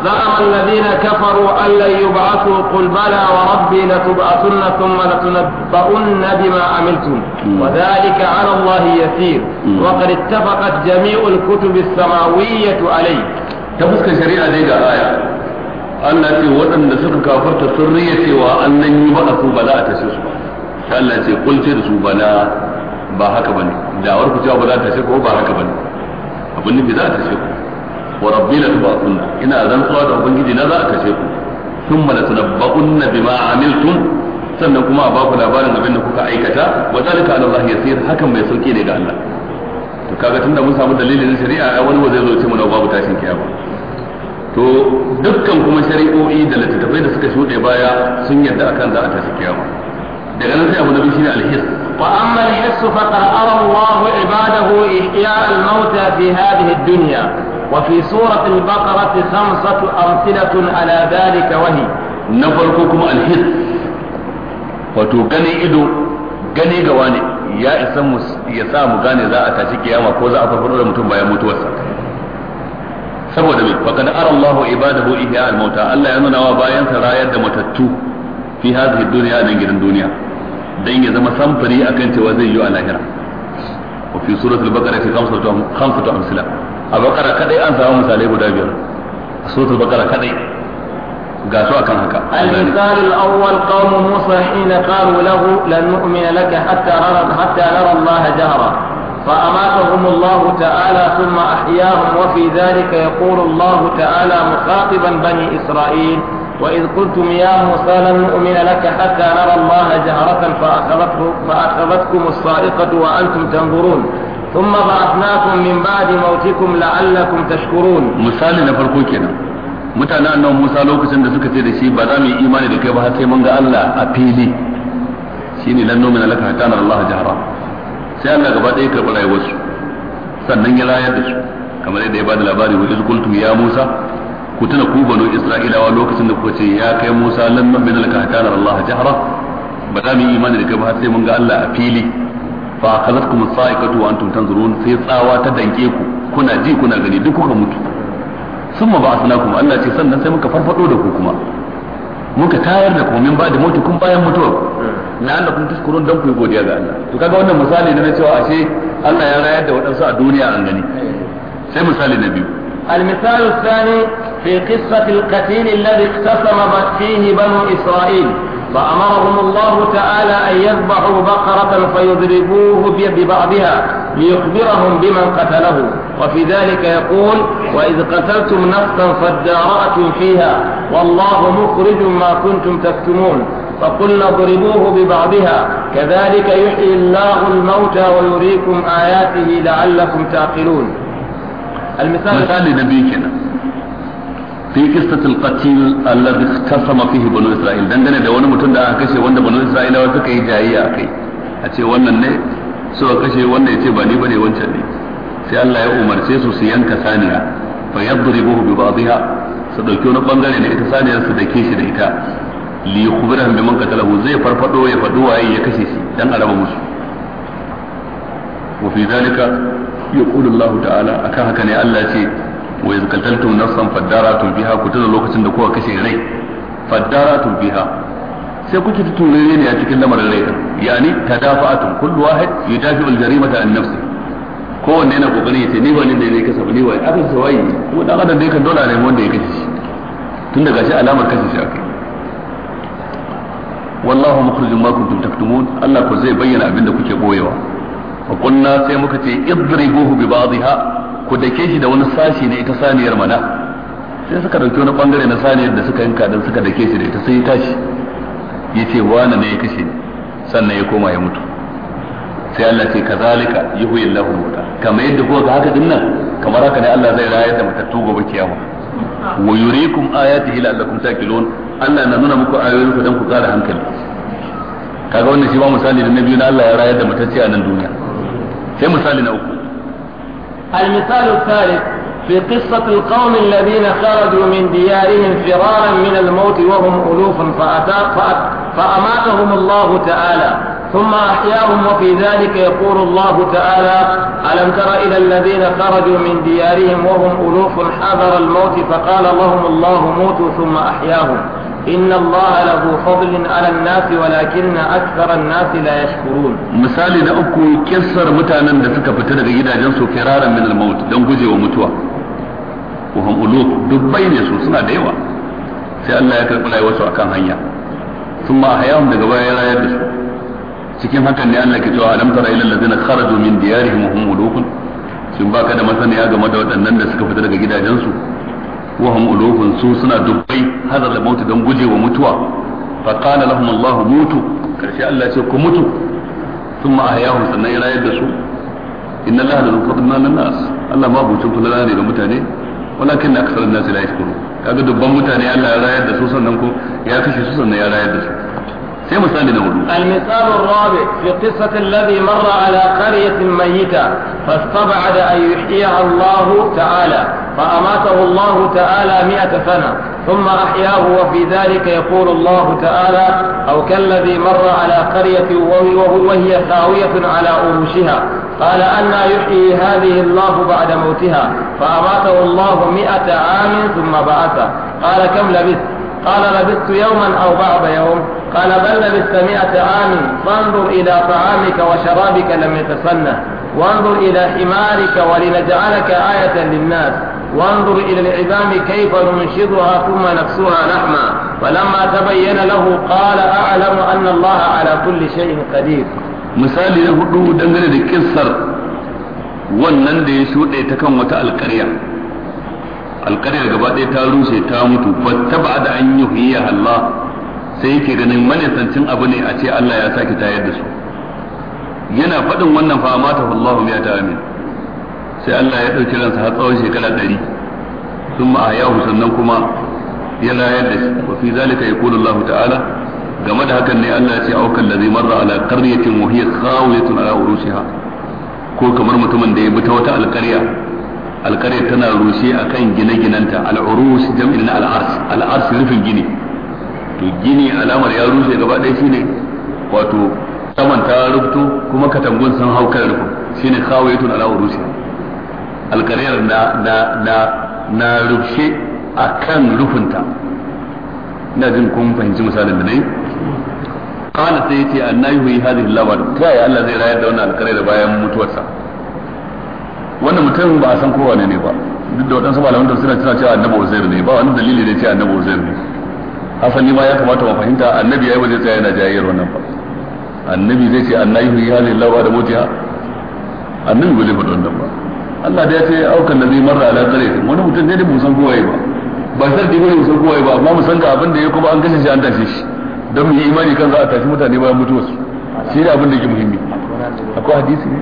ذاقوا الذين كفروا أن لن يبعثوا قل بلى وربي لتبعثن ثم لتنبؤن بما عملتم وذلك على الله يسير وقد اتفقت جميع الكتب السماوية عليه تفسك شريعة دي الايه أن في ودن نسر كافرت السريه وأن لن يبعثوا بلاء تسيسوا كان لن قل تدسوا بلاء باهك بني لا أرفع جاوب بلاء تسيكوا باهك بني أبني بذات تسيكوا wa rabbi la tubaqunna ina rantsuwa da ubangiji na za a kashe ku thumma la tunabba'unna bima amiltum sannan kuma a baku labarin abin da kuka aikata wa zalika ala Allah yasir hakan mai sauki ne ga Allah to kaga tunda mun samu dalilin shari'a wani zai zo ce mu babu tashin kiyama to dukkan kuma shari'o'i da littattafai da suka shuɗe baya sun yarda akan za a tashi kiyama daga nan sai abu na biyu shine alhis وأما الحس فقد أرى الله عباده إحياء الموتى في هذه الدنيا وفي سورة البقرة خمسة أمثلة على ذلك وهي نفركم الحس wato ganin ido gani ga wani ya isa mu gane za a tashi kiyama ko za a farfado da mutum bayan mutuwarsa saboda me faqad aron lahu ibada ihya al-mauta Allah ya nuna wa bayan sa rayar da matattu fi hadhihi dunya nan gidan duniya dan ya zama samfari akan cewa zai yi a lahira wa amsila a bakara kadai an samu misalai guda biyar a sotar bakara kadai ga su akan haka al-misal al-awwal qawm musa hina qalu lahu lan nu'mina laka hatta nara hatta nara Allah jahra فأماتهم الله تعالى ثم أحياهم وفي ذلك يقول الله تعالى مخاطبا بني إسرائيل وإذ قلتم يا موسى لن نؤمن لك حتى نرى الله جهرة فأخذتكم الصاعقة وأنتم تنظرون ثم بعثناكم من بعد موتكم لعلكم تشكرون مثال نفرقو كنا mutane annabi Musa lokacin da suka ce da shi ba za mu yi imani da kai ba har sai mun ga Allah a fili shine lan nu'mina laka hatta nara Allah jahra sai Allah gaba ɗaya karɓi rayuwarsu sannan ya layar da su kamar yadda ya bada labari wa izkultum ya Musa ku tuna ku banu Isra'ilawa lokacin da kuka ce ya kai Musa lan nu'mina laka hatta nara Allah jahra ba za mu yi imani da kai ba har sai mun ga Allah a fili fa khalaqakum sa'iqatu wa antum tanzurun sai tsawa ta danke ku kuna ji kuna gani duk kuka mutu summa ba'athnakum Allah ce sannan sai muka farfado da ku kuma muka tayar da kuma min bada da kun bayan mutuwa na Allah kun tashkurun dan ku godiya ga Allah to kaga wannan misali ne na cewa ashe Allah ya rayar da wadansu a duniya an gani sai misali na biyu المثال الثاني في قصة القتيل الذي اقتسم فيه بنو إسرائيل فأمرهم الله تعالى أن يذبحوا بقرة فيضربوه ببعضها ليخبرهم بمن قتله وفي ذلك يقول وإذ قتلتم نفسا فادارأتم فيها والله مخرج ما كنتم تكتمون فقلنا اضربوه ببعضها كذلك يحيي الله الموتى ويريكم آياته لعلكم تعقلون المثال, الثاني النبي كنا fi qistatil qatil alladhi ikhtasama fihi banu isra'il dangane da wani mutum da aka kashe wanda banu isra'ilawa suka yi jayayya kai a ce wannan ne suka kashe wannan yace ba ni bane wancan ne sai Allah ya umarce su su yanka saniya fa yadribuhu bi ba'dihha su dauki wani bangare na ita saniyar su dake shi da ita li yukhbirahum biman qatalahu zai farfado ya fadu waye ya kashe shi dan araba musu wa fi zalika yaqulu Allah ta'ala akan haka ne Allah ce wa iz qataltum nafsan faddaratun biha ku tuna lokacin da kuka kashe rai faddaratun biha sai kuke ta turare ne a cikin lamarin rai yani tadafa'atun kullu wahid yudafi'u al-jarimata an nafsi kowanne yana kokarin ya ce ni wani ne ne kasa ni wani abin sawayi ko dan adam dai kan dole ne wanda ya kashe shi tun daga shi alamar kashe shi akai wallahu mukhrijum ma kuntum taktumun Allah ko zai bayyana abinda kuke boyewa wa qulna sai muka ce idribuhu bi ba'dihha ku dake shi da wani sashi na ita saniyar mana sai suka dauki wani bangare na saniyar da suka yanka dan suka dake shi da ita sai ya tashi ya ce wani ne ya kashe ni sannan ya koma ya mutu sai Allah ce kazalika yuhyi Allahu muta kamar yadda kuka ga haka dinnan kamar haka ne Allah zai rayar da matattu gobe kiyama wa yuriikum ayatihi la'allakum takilun Allah na nuna muku ayoyin ku dan ku kara hankali kaga wannan shi ba misali da nabi na Allah ya rayar da matacce a nan duniya sai misali na uku المثال الثالث في قصة القوم الذين خرجوا من ديارهم فرارا من الموت وهم ألوف فأماتهم الله تعالى ثم أحياهم وفي ذلك يقول الله تعالى ألم تر إلى الذين خرجوا من ديارهم وهم ألوف حذر الموت فقال لهم الله موتوا ثم أحياهم إن الله له فضل على الناس ولكن أكثر الناس لا يشكرون مثالي نأكو كسر متانا دسك فتدق إذا جنسوا فرارا من الموت دون ومتوى وهم ألوك دبين يسوع سنة ديوة sai Allah ya karɓi rayuwarsu a kan hanya sun ma hayawan daga ya su cikin hakan ne Allah ke cewa alam tara ila allazina kharaju min diyarihim hum ulukun shin baka da masaniya game da waɗannan da suka fita daga gidajensu wa hum suna dubbai hadar da mautu don gujewa mutuwa fa qala lahum Allah mutu karshe Allah ce ku mutu thumma ahyahum sannan ya rayar da su inna Allah la yuqaddimu lin nas Allah ma bucin kullu ne ga mutane walakin aksarun nas la yashkurun kaga dubban mutane Allah ya rayar da su sannan ya kashe sannan ya rayar da su sai misali نقول المثال الرابع في قصة الذي مر على قرية ميتة فاستبعد أن يحييها الله تعالى فأماته الله تعالى مئة سنة ثم أحياه وفي ذلك يقول الله تعالى أو كالذي مر على قرية وهي خاوية على أروشها قال أنا يحيي هذه الله بعد موتها فأماته الله مئة عام ثم بعثه قال كم لبثت قال لبثت يوما أو بعض يوم قال بل لبثت مئة عام فانظر إلى طعامك وشرابك لم يتسنه وانظر إلى حمارك ولنجعلك آية للناس وانظر إلى العظام كيف ننشدها ثم نكسوها لحما فلما تبين له قال أعلم أن الله على كل شيء قدير مثال يقول hudu dangane da kissar wannan da ya shuɗe ta alƙaryar gaba ɗaya ta rushe ta mutu fattaba da an yuhyiha Allah sai yake ganin manisancin abu ne a ce Allah ya sake tayar da su yana faɗin wannan fa mata Allah ya ta amin sai Allah ya ɗauki ransa har tsawon shekara ɗari sun ma ayahu sannan kuma ya layar da shi wa fi zalika yaqulu Allah ta'ala game da hakan ne Allah ya ce aukan ladhi marra ala qaryatin wa hiya khawiyatun ala urushiha ko kamar mutumin da ya bi ta wata alkarya alkare tana rushe a kan gine-ginanta al'urus jam'in na al'ars al'ars rufin gini to gini alamar ya rushe gaba ɗaya shine wato saman ta rubto kuma katangun sun hau kan rufin shine khawayatun ala urusi alkariyar na na na na rufshe kan rufinta ina jin kun fahimci misalin da nayi kana sai yace annahu yi hadhihi labar ta ya Allah zai rayar da wannan alkariyar bayan mutuwarsa wannan mutum ba a san kowa ne ne ba duk da waɗansu malaman tafsira suna cewa annabi uzair ne ba wani dalili ne ce annabi uzair ne asali ma ya kamata mu fahimta annabi yayi yi wajen tsaya yana jayayyar wannan ba annabi zai ce annabi yuhi hali lawa da mutiya annabi bai zai faɗi wannan ba Allah da ya ce aukan da zai marra ala kare wani mutum ne da musan kowaye ba ba sharti wani musan kowaye ba amma musan ga abin da ya kuma an kashe shi an tashe shi don mu yi imani kan za a tashi mutane bayan mutuwarsu shi ne abin da ke muhimmi akwai hadisi ne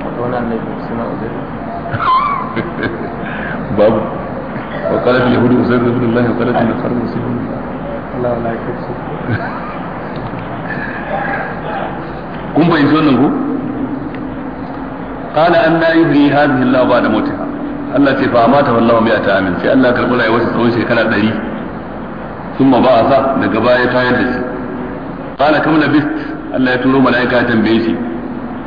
babu wa qalat al-yahudu uzair ibn an-nasara masih Allah kun bai zo nan Allah ba'da mautiha Allah ce fa amata wallahu bi ta'amin sai Allah karbi rayuwarsa tsawon shekara 100 thumma sa daga baya ta yadda shi qala na labist Allah ya turo mala'ika ya tambaye shi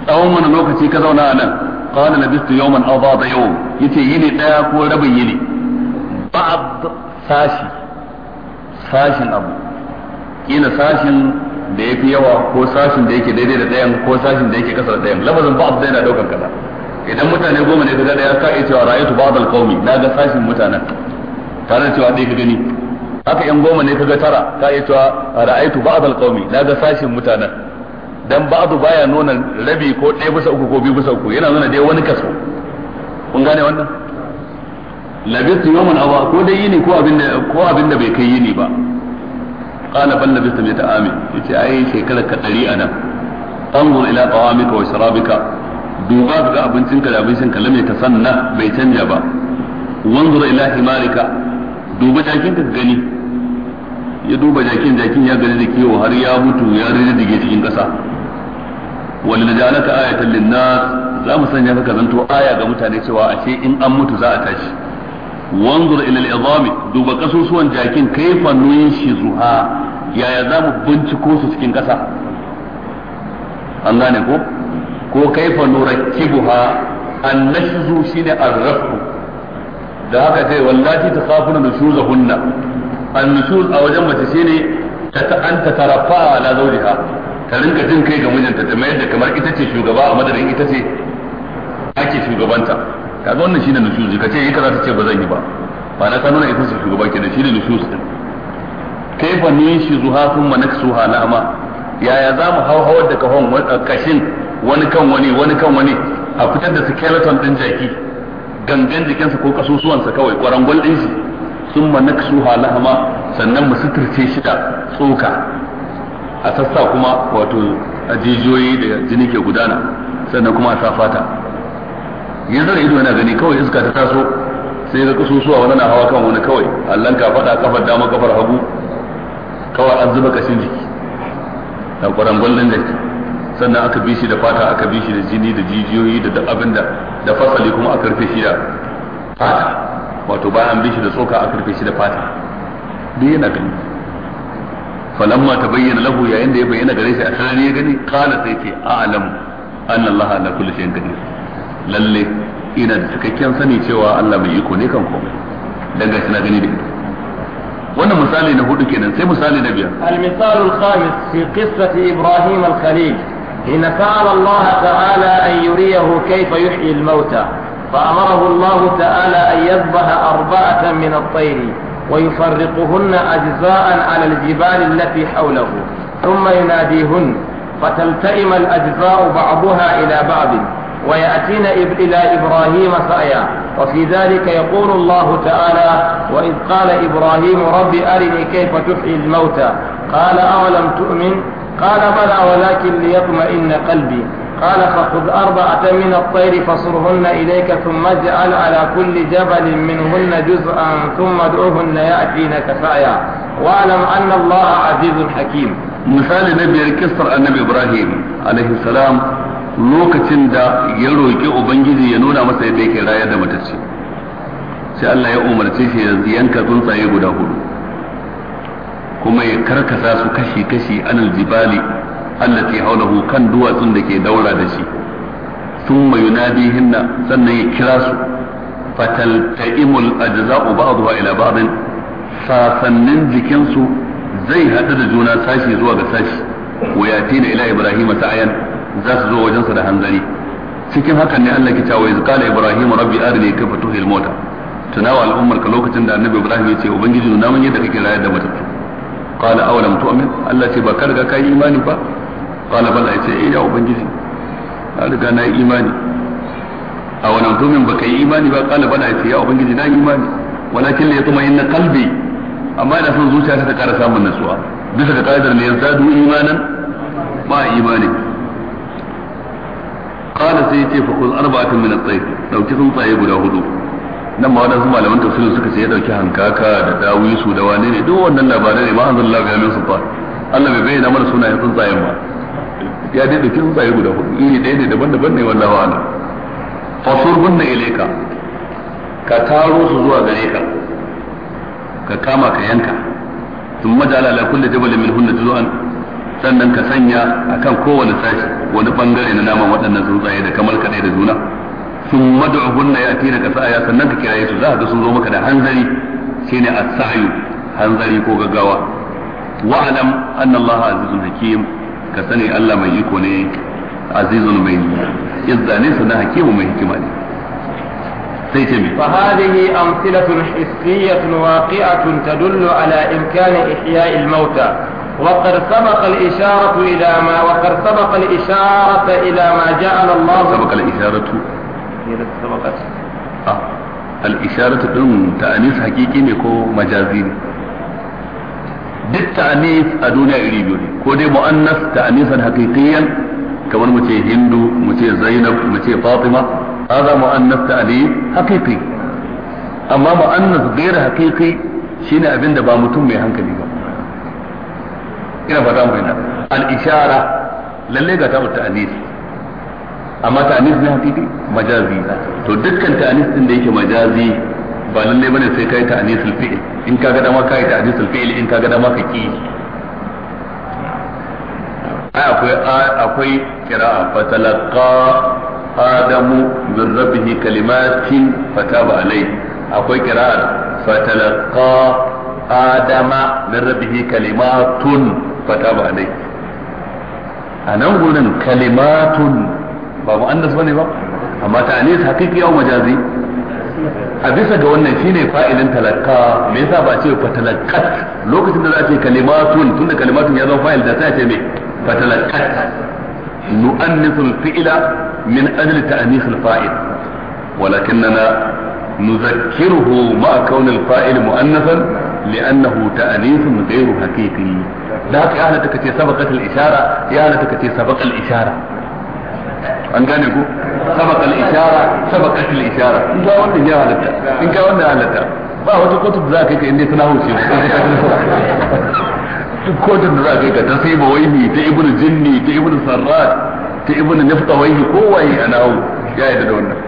tsawon wani lokaci ka zauna a nan qala labistu yawman aw ba'd yawm yace yini daya ko rabin yini ba'd sashi sashin abu kila sashin da ya fi yawa ko sashin da yake daidai da dayan ko sashin da yake kasa da dayan lafazin ba'd da yana daukar kaza idan mutane goma ne kaga daya ka cewa ra'aytu ba'd al na ga sashin mutanen tare da cewa dai ka gani haka yan goma ne kaga tara ka iya cewa ra'aytu ba'd al na ga sashin mutanen dan ba'du baya nuna rabi ko ɗaya bisa uku ko biyu bisa uku yana nuna dai wani kaso kun gane wannan labistu yawman awa ko dai yini ko abin da ko abin da bai kai yini ba qala bal labistu bi ta'ami yace ai shekara ka 100 anan anzur ila qawamika wa sharabika duba ga abincinka da abincinka lam yatasanna bai canja ba wanzur ila himarika duba jakinka gani ya duba jakin jakin ya gani da kiwo har ya mutu ya rirrige cikin ƙasa waliljalaka ayatan linnas za mu sanya ka zanto aya ga mutane cewa a ce in an mutu za a tashi wanzur ila al'izami duba kasusuwan jakin kaifa zuha, yaya za mu binciko su cikin ƙasa an gane ko ko kaifa nurakkibuha an nashzu shine arrafu da haka kai wallati takhafuna nushuzahunna annusur a wajen mace shine ta an ta tarafa ala zawjiha ta rinka jin kai ga mijinta ta mayar da kamar ita ce shugaba a madadin ita ce ake shugabanta kaga wannan shine nushuz ka ce yi kaza ta ce ba zan yi ba ba na kanuna ita ce shugaba da shine nushuz din kaifa nishizuha thumma naksuha halama yaya za mu hauhawar da kahon kashin wani kan wani wani kan wani a fitar da skeleton din jaki gangan jikinsa ko kasusuwansa kawai ƙwarangwal din shi summa naksuha lahama sannan mu suturce shi da tsoka a sassa kuma wato a jijiyoyi da jini ke gudana sannan kuma a sa fata yanzu da ido yana gani kawai iska ta taso sai ga kasusuwa wani na hawa kan wani kawai allon ka fada kafar dama kafar hagu kawai an zuba kashin jiki da kwarangon jiki sannan aka bi shi da fata aka bi shi da jini da jijiyoyi da abin da da fasali kuma aka rufe shi da fata wato bayan an da tsoka a karfe shi da fata duk yana gani falamma bayyana lahu yayin da ya bayyana gare shi a sarari ya gani kala sai ce a'lam anna allaha ala kulli shay'in qadir lalle ina da cikakken sani cewa Allah mai iko ne kan komai dan gashi na gani da ido wannan misali na hudu kenan sai misali na biyar al-misal al-khamis fi qissati ibrahim al-khalil حين سأل الله تعالى أن يريه كيف يحيي الموتى فأمره الله تعالى أن يذبح أربعة من الطير ويفرقهن أجزاء على الجبال التي حوله ثم يناديهن فتلتئم الأجزاء بعضها إلى بعض ويأتين إلى إبراهيم سعيا وفي ذلك يقول الله تعالى وإذ قال إبراهيم رب أرني كيف تحيي الموتى قال أولم تؤمن قال بلى ولكن ليطمئن قلبي قال فخذ أربعة من الطير فصرهن إليك ثم اجعل على كل جبل منهن جزءا ثم ادعوهن يأتينك سعيا واعلم أن الله عزيز حكيم مثال نبي كسر النبي إبراهيم عليه السلام lokacin da ya roƙi ubangiji ya nuna masa yadda yake raya da matacce sai Allah ya umarce shi ya yanka tsuntsaye guda hudu kuma ya karkasa su kashi-kashi jibali allati haulahu kan duwatsun da ke daura da shi thumma hinna sannan ya kira su fataltaimul ajza'u ba'daha ila ba'din sasannin jikinsu zai hadu da juna sashi zuwa ga sashi wa yatina ila ibrahima sa'ayan za su zo wajensa da hanzari cikin hakan ne Allah ke cewa iz qala ibrahim rabbi arini kayfa tuhil mota tunawa al'ummar ka lokacin da annabi ibrahim ya ce ubangiji nuna mun yadda kake rayar da matattu qala awalam tu'min Allah ce ba ka riga kai imani ba qala bala yace eh ya ubangiji na riga na yi imani a wani mutumin baka yi imani ba qala bala yace ya ubangiji na yi imani walakin la yatma'inna kalbi amma ina son zuciya ta kara samun nasuwa bisa ga ka'idar ne yazdadu imanan ba imani qala sai yace fa kul arba'atin min at-tayr dauki tsuntsaye guda hudu nan ma wadansu malaman tafsirin suka ce ya dauki hankaka da dawisu da wane ne duk wannan labarai ne ma anzal Allah ya lusufa Allah bai bayyana mana sunayen tsuntsayen ba ya dai dauki tsuntsaye guda hudu iri ɗaya ne daban-daban ne wallahu a'lam fasurhunna ilayka ka taro su zuwa gare ka ka kama ka yanka sun majala ala kulli jabalin min hunna juz'an sannan ka sanya akan kowane sashi wani bangare na naman waɗannan tsuntsaye da kamar kaɗai da juna sun mad'uhunna ya atina ka sa'aya sannan ka kiraye su za ka sun zo maka da hanzari shine as-sa'yu hanzari ko gaggawa wa'lam anna Allah azizun hakim ka sani Allah mai iko ne azizun mai izza ne sannan hakimu mai hikima ne sai ce mai فهذه أمثلة حسية واقعة تدل على إمكان إحياء الموتى وقد سبق الإشارة إلى ما وقد سبق الإشارة إلى ما جعل الله سبق الإشارة سبقت الإشارة تأنيس حقيقي ne ko majazi ne duk ta'anis a duniya iri biyu ne ko dai mu'annas ta'anisan haqiqiyan kamar mu ce hindu mu ce zainab mu ce fatima hada mu'annas ta'anis haqiqi amma mu'annas ghair haqiqi shine abin da ba mutum mai hankali ba ina fata mu ina al ishara lalle ga ta ta'anis amma ta'anis ne haqiqi majazi to dukkan ta'anis din da yake majazi ba lalle bane sai kai ta'anisul fi'il in ka ga dama kai ta'anisul fi'il in ka ga dama ka ki ai akwai akwai qira'a fa talaqa adamu min rabbih kalimatin fataba alayhi akwai qira'a fa talaqa adama min rabbih kalimatun fataba alayhi anan gurin kalimatun ba mu'annas bane ba amma ta'anis haqiqi au majazi a bisa ga wannan shine fa'ilin talakka me yasa ba a ce fa talakkat lokacin da za a ce kalimatun tunda kalimatun ya zama fa'il da sai a ce me fa talakkat nu'annisu al-fi'la min ajli ta'nis al-fa'il walakinna نذكره مع كون الفاعل مؤنثا لأنه تأنيث غير حقيقي ذاك أهلتك تسبقت الإشارة يا أهلتك تسبق الإشارة an gane ku sabaq al ishara sabaqat al ishara in ga wannan ya halatta in ga wannan halatta ba wata kotu da za ka kai inda suna hauce duk kotun da za ka kai ta sai ba wai ta ibnu jinni ta ibnu sarrat ta ibnu naftawai kowaye ana hau ya yi da wannan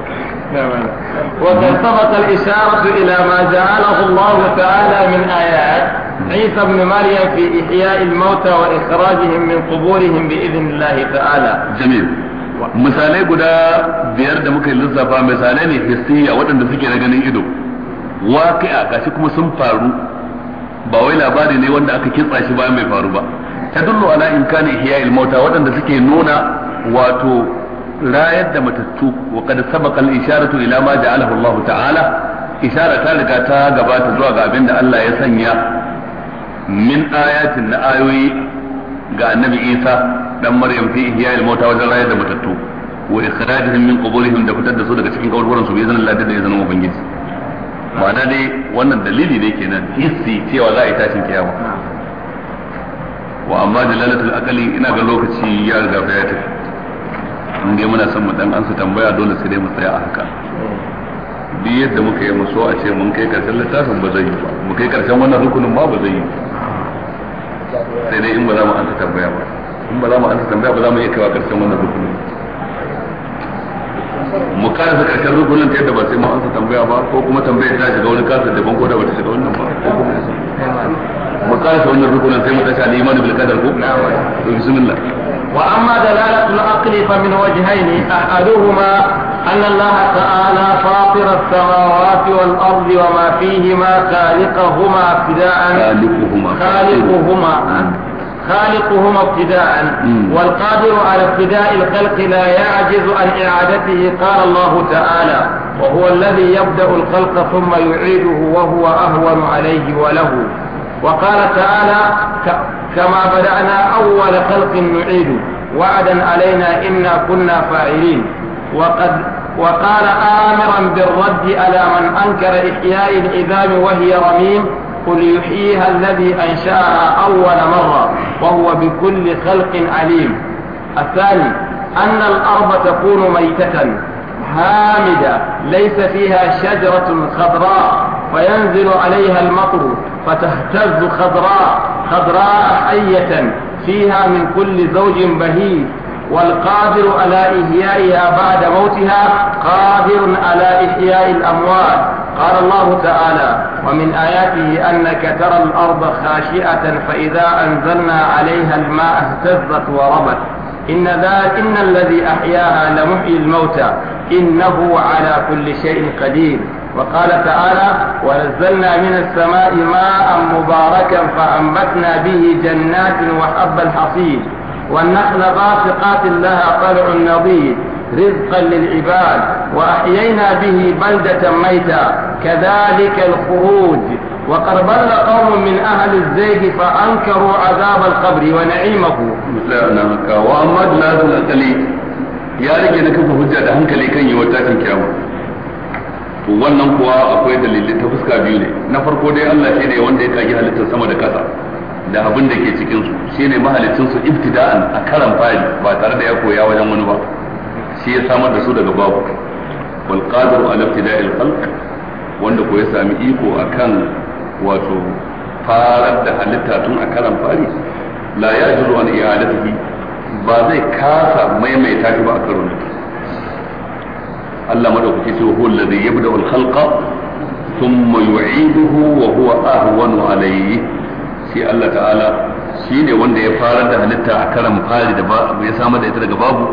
وقد سبق الإشارة إلى ما جعله الله تعالى من آيات عيسى بن مريم في إحياء الموتى وإخراجهم من قبورهم بإذن الله تعالى. جميل. misalai guda biyar da muka yi lissafa misalai ne hissiya waɗanda suke na ganin ido waqi'a gashi kuma sun faru ba wai labari ne wanda aka kitsa shi bayan bai faru ba ta dullo ala in hiya il mauta waɗanda suke nuna wato rayar da matattu wa qad sabaqa al-isharatu ila ma ja'alahu Allah ta'ala ishara ta riga ta gabata zuwa ga abinda Allah ya sanya min ayatin na ayoyi ga annabi Isa dan maryam fi al mauta wajen rayar da matattu wa ikhrajihim min quburihim da fitar da su daga cikin kaburburan su bi izinin Allah da izinin ubangiji ma'ana dai wannan dalili ne kenan hissi cewa za a yi tashin kiyama wa amma dalalatul akali ina ga lokaci ya riga ya tafi in dai muna son mu dan ansa tambaya dole sai dai mu tsaya a haka duk yadda muka yi musu a ce mun kai karshen littafin ba zai yi ba mu kai karshen wannan rukunin ba ba zai yi sai dai in ba za mu ansa tambaya ba in ba za mu ansa tambaya ba za mu iya kaiwa karshen wannan rukunin mu karasa karshen rukunin ta yadda ba sai mu ansa tambaya ba ko kuma tambayar ta shiga wani kasa daban ko da ba ta shiga wannan ba mu karasa wannan rukunin sai mu tashi al-imanu bil qadar ko to bismillah wa amma dalalatul aqli fa min wajhaini ahaduhuma أن الله تعالى فاطر السماوات والأرض وما فيهما خالقهما ابتداء خالقهما خالقهما ابتداء والقادر على ابتداء الخلق لا يعجز عن إعادته قال الله تعالى وهو الذي يبدأ الخلق ثم يعيده وهو أهون عليه وله وقال تعالى كما بدأنا أول خلق نعيده وعدا علينا إنا كنا فاعلين وقد وقال آمرا بالرد على من أنكر إحياء العظام وهي رميم قل يحييها الذي أنشاها أول مرة وهو بكل خلق عليم الثاني أن الأرض تكون ميتة هامدة ليس فيها شجرة خضراء فينزل عليها المطر فتهتز خضراء خضراء حية فيها من كل زوج بهيج والقادر على إحيائها بعد موتها قادر على إحياء الأموات قال الله تعالى ومن آياته أنك ترى الأرض خاشئة فإذا أنزلنا عليها الماء اهتزت وربت إن, ذا إن الذي أحياها لمحيي الموتى إنه على كل شيء قدير وقال تعالى ونزلنا من السماء ماء مباركا فأنبتنا به جنات وحب الحصيد والنخل باسقات لها طلع نضيد رزقا للعباد وأحيينا به بلدة ميتا كذلك الخروج وقد ضل قوم من أهل الزيد فأنكروا عذاب القبر ونعيمه وأما الناس الأسلي يا رجل نكف هجة هنكلي كي وتاتي كيامه wannan kuwa akwai dalilai ta fuska biyu ne na farko dai Allah shi ne wanda ya kage halittar sama da kasa da abin da ke cikin su shine mahalicin su ibtida'an a karan fari ba tare da ya koya wajen wani ba shi ya samar da su daga babu wal qadiru ala ibtida'il khalq wanda ko ya sami iko akan wato farar da halitta tun a karan fari la yajiru an i'adatihi ba zai kasa maimaita shi ba a karon Allah madaukaki ce huwa alladhi yabda'u al-khalqa thumma yu'iduhu wa huwa ahwanu alayhi shi Allah ta'ala shi ne wanda ya farar da halitta a karan fari da ya samar da ita daga babu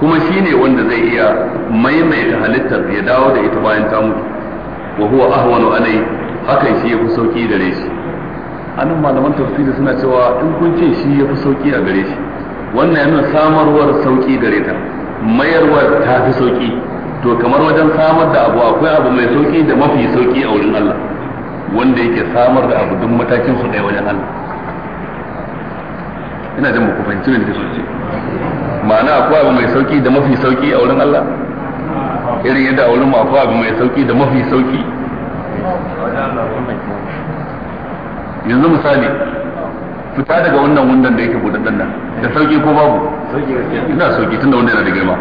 kuma shi ne wanda zai iya maimaita halittar ya dawo da ita bayan ta mutu wa huwa ahwanu alai hakan shi ya fi sauki gare shi anan malaman tafsiri suna cewa in kun ce shi ya fi sauki a gare shi wannan yana samarwar sauki gare ta mayarwar ta fi sauki to kamar wajen samar da abu akwai abu mai sauki da mafi sauki a wurin Allah wanda yake samar da abu duk matakin su ɗaya wajen Allah ina jin ku fahimci ne nake so ce ma'ana akwai abu mai sauki da mafi sauki a wurin Allah irin yadda a wurin mu akwai abu mai sauki da mafi sauki yanzu misali fita daga wannan wundan da yake budaddan nan da sauki ko babu ina sauki tunda wanda yana da girma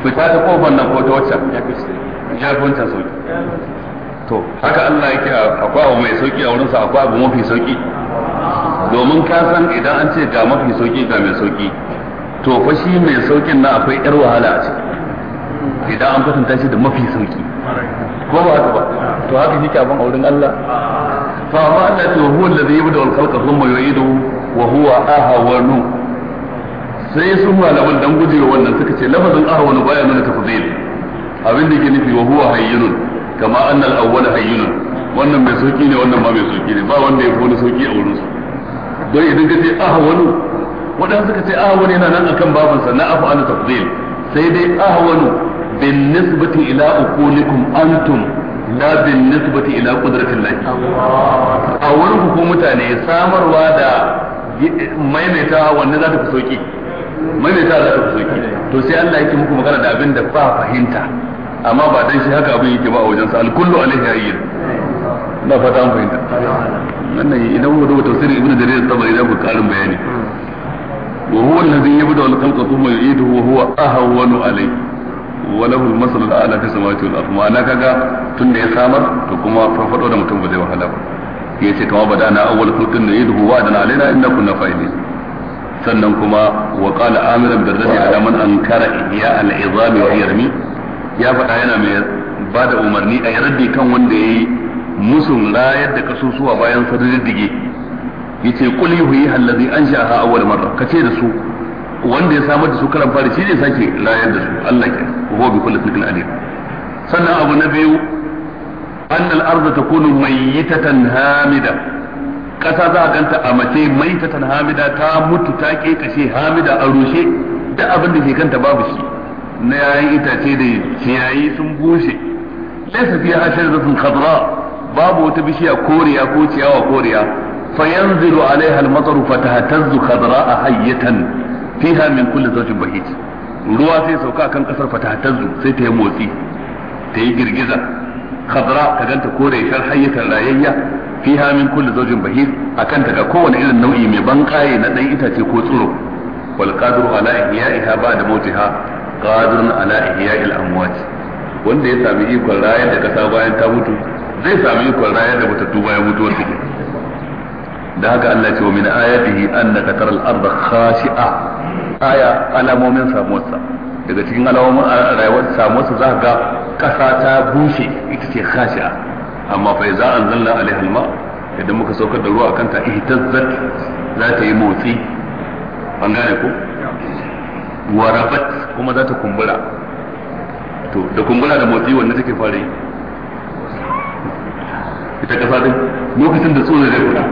fita ta kofar nan ko ta wacce ya fi wancan sauki to haka Allah yake akwai abu mai sauki a wurinsa akwai abu mafi sauki domin ka san idan an ce ga mafi sauki ga mai sauki to fa shi mai saukin na akwai yar wahala a ciki idan an kwatanta shi da mafi sauki ko ba haka ba to haka shi abin a wurin Allah fa ma Allah ce huwa allazi yabda al khalqa thumma yu'idu wa huwa ahwanu sai sun malaman dan gujewa wannan suka ce lafazin ahwanu baya nuna tafdil abin da yake nufi wa huwa hayyun kama annal awwal hayyun wannan mai sauki ne wannan ma mai sauki ne ba wanda ya wani sauki a wurin su don idan ka ce ahwanu wadanda suka ce ahwanu yana nan akan babansa na afu an tafdil sai dai ahwanu bin nisbati ila ukulikum antum la bin nisbati ila qudratillahi a wurin ku ko mutane samarwa da maimaita wanne za ta fi sauki maimaita za ta fi sauki to sai Allah yake muku magana da abin da ba fahimta amma ba dan shi haka abin yake ba a wajen wajensa alkullu alaihi hayyin na fata an fahimta wannan idan mu duba tafsirin ibnu jarir tabari da karin bayani wa huwa alladhi yabda al khalqa thumma yu'iduhu wa huwa ahwanu alayhi wa lahu al masal al a'la fi samawati wal ardh ma'ana kaga tunda ya samar to kuma farfado da mutum ba zai wahala ba yace kama badana awwal khalqin yu'iduhu wa adana alaina inna kunna fa'ilin sannan kuma wa qala amiran birrati ala man ankara ihya al izami wa yarmi ya faɗa yana mai ba da umarni a yarda kan wanda ya yi musun rayar da kasusuwa bayan sarriddige yace qul yuhyi allazi anshaha awwal marra ce da su wanda ya samar da su karan fari shi ne sake rayar da su Allah ke ko bi kulli shay'in alim sannan abu na biyu anna al-ardu takunu mayyitatan hamida kasa za a ganta a mace maitatan hamida ta mutu ta kashe hamida a rushe duk abin da ke kanta babu shi na yayan itace da ciyayi sun bushe laysa fiha asharatun khadra babu wata bishiya koriya ko ciyawa koriya fayanzilu alaiha al-matar fatahtazzu khadra'a hayyatan fiha min kulli zawjin bahij ruwa sai sauka kan kasar fatahtazzu sai ta yi motsi ta yi girgiza khadra ka ganta kore shar hayyatan rayayya fiha min kulli zawjin bahij akan ta ga kowane irin nau'i mai bankaye na dan itace ko tsiro wal qadru ala ihya'iha ba'da mautiha qadirun ala ihya'il amwat wanda ya sami ikon rayar da kasa bayan ta mutu zai sami ikon rayar da mutattu bayan mutuwar take da haka Allah ce wa min ayatihi annaka taral arda khashi'a aya alamomin samuwarsa daga cikin alamomin rayuwar samuwarsa za ga kasa ta bushe ita ce khashi'a amma fa iza anzalna alaiha alma idan muka saukar da ruwa akan ta ihtazzat za ta yi motsi an gane ko warabat kuma za ta kumbura to da kumbura da motsi wanda take fara yi ita kasa din lokacin da tsoro zai fita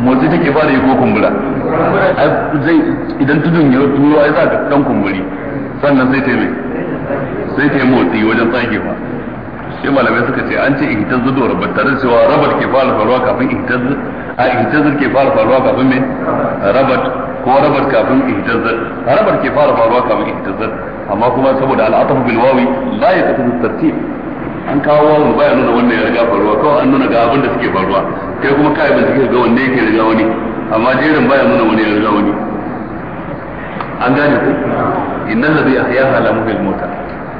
motsi take fara yi ko kumbura zai idan tudun ya turo ai za ka dan kumburi sannan sai ta sai ta motsi wajen tsagewa sai malamai suka ce an ce ihtiz da rabat tare cewa rabat ke fara faruwa kafin ihtiz a ihtiz ke fara faruwa kafin me rabat ko rabar kafin ihtazzat rabar ke fara faruwa kafin ihtazzat amma kuma saboda al'atafu bil wawi la yaqtadu tartib an kawo wawu baya nuna wannan ya riga faruwa kawai an nuna ga abin da suke faruwa kai kuma kai ban take ga wanda yake riga wani amma jerin baya nuna wani ya riga wani an gane ku innal ladhi ahyaha la muhyil mota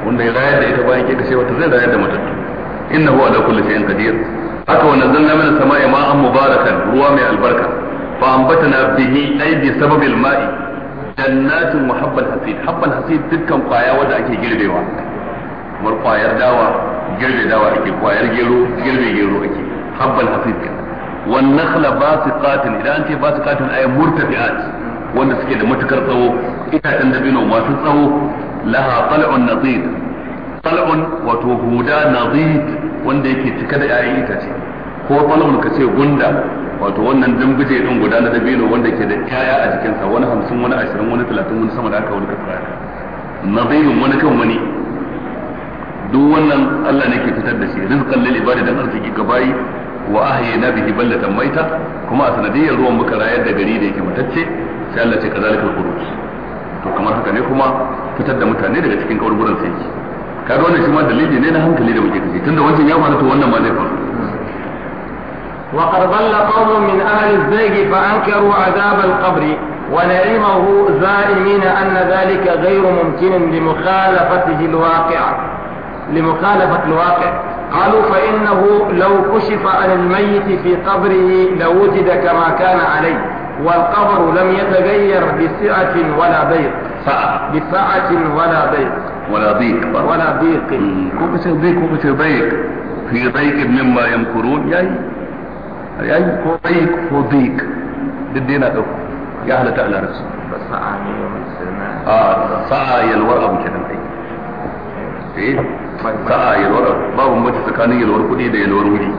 wanda ya rayar da ita bayan ke kashe wata zai rayar da matattu innahu ala kulli shay'in qadir haka wannan nazzalna mana sama'i ma'an mubarakan ruwa mai albarka fa na bihi ay bi sababil ma'i jannatin wa habbal hasid habbal hasid dukkan kwaya wanda ake girbewa kamar kwayar dawa girbe dawa ake kwayar gero girbe gero ake habbal hasid wan nakhla basiqatin idan an ce basiqatin ay murtafi'at wanda suke da matukar tsawo itacen dabino masu tsawo laha tal'un nadid tal'un wato huda nadid wanda yake cika da 'ya'yan itace ko tal'un ka gunda wato wannan dambije din guda na dabino wanda ke da kaya a jikinsa wani hamsin wani ashirin wani talatin wani sama da aka wani kasa bayin wani kan wani duk wannan Allah ne ke fitar da shi rizqan lil ibadi dan arziki ga bayi wa ahyayna bihi ballatan maita kuma a sanadiyar ruwan muka rayar da gari da yake mutacce sai Allah ce kazalika al-khuruj to kamar haka ne kuma fitar da mutane daga cikin kaburburan sai ga wannan shi ma dalili ne na hankali da muke kace tunda wancan ya faru to wannan ma zai faru وقد ظل قوم من أهل الزيغ فأنكروا عذاب القبر ونعمه زائمين أن ذلك غير ممكن لمخالفته الواقع لمخالفة الواقع قالوا فإنه لو كشف عن الميت في قبره لوجد كما كان عليه والقبر لم يتغير بسعة ولا ضيق سعة بسعة ولا ضيق ولا ضيق ولا ضيق كوكس ضيق كوكس ضيق في ضيق مما يمكرون يعني yayi ko dai ko dik duk dai yana dauko ya halatta a larabci a ah, sa'a yalwar abu kenan ai eh sa'a yalwar babu mace tsakanin yalwar kudi da yalwar wuri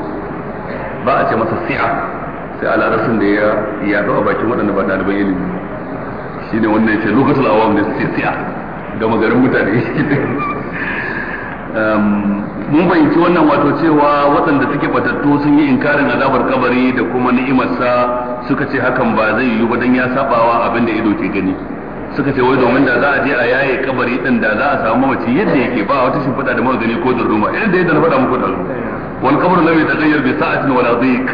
ba a ce masa si'a sai a larabcin da ya yaɗu a bakin waɗanda ba ɗaliban ilimi shine wannan ya ce lokacin awam ne si'a gama garin mutane Ehm, mun fahimci wannan wato cewa waɗanda suke fatattu sun yi inkarin azabar kabari da kuma ni'imarsa suka ce hakan ba zai yiwu ba dan ya sabawa abin da ido ke gani suka ce wai domin da za a je a yaye kabari din da za a samu mace yadda yake ba wata shimfiɗa da magani ko darduma irin da yadda na faɗa muku dazu wal qabr lam yataghayyar bi sa'atin wala dhayq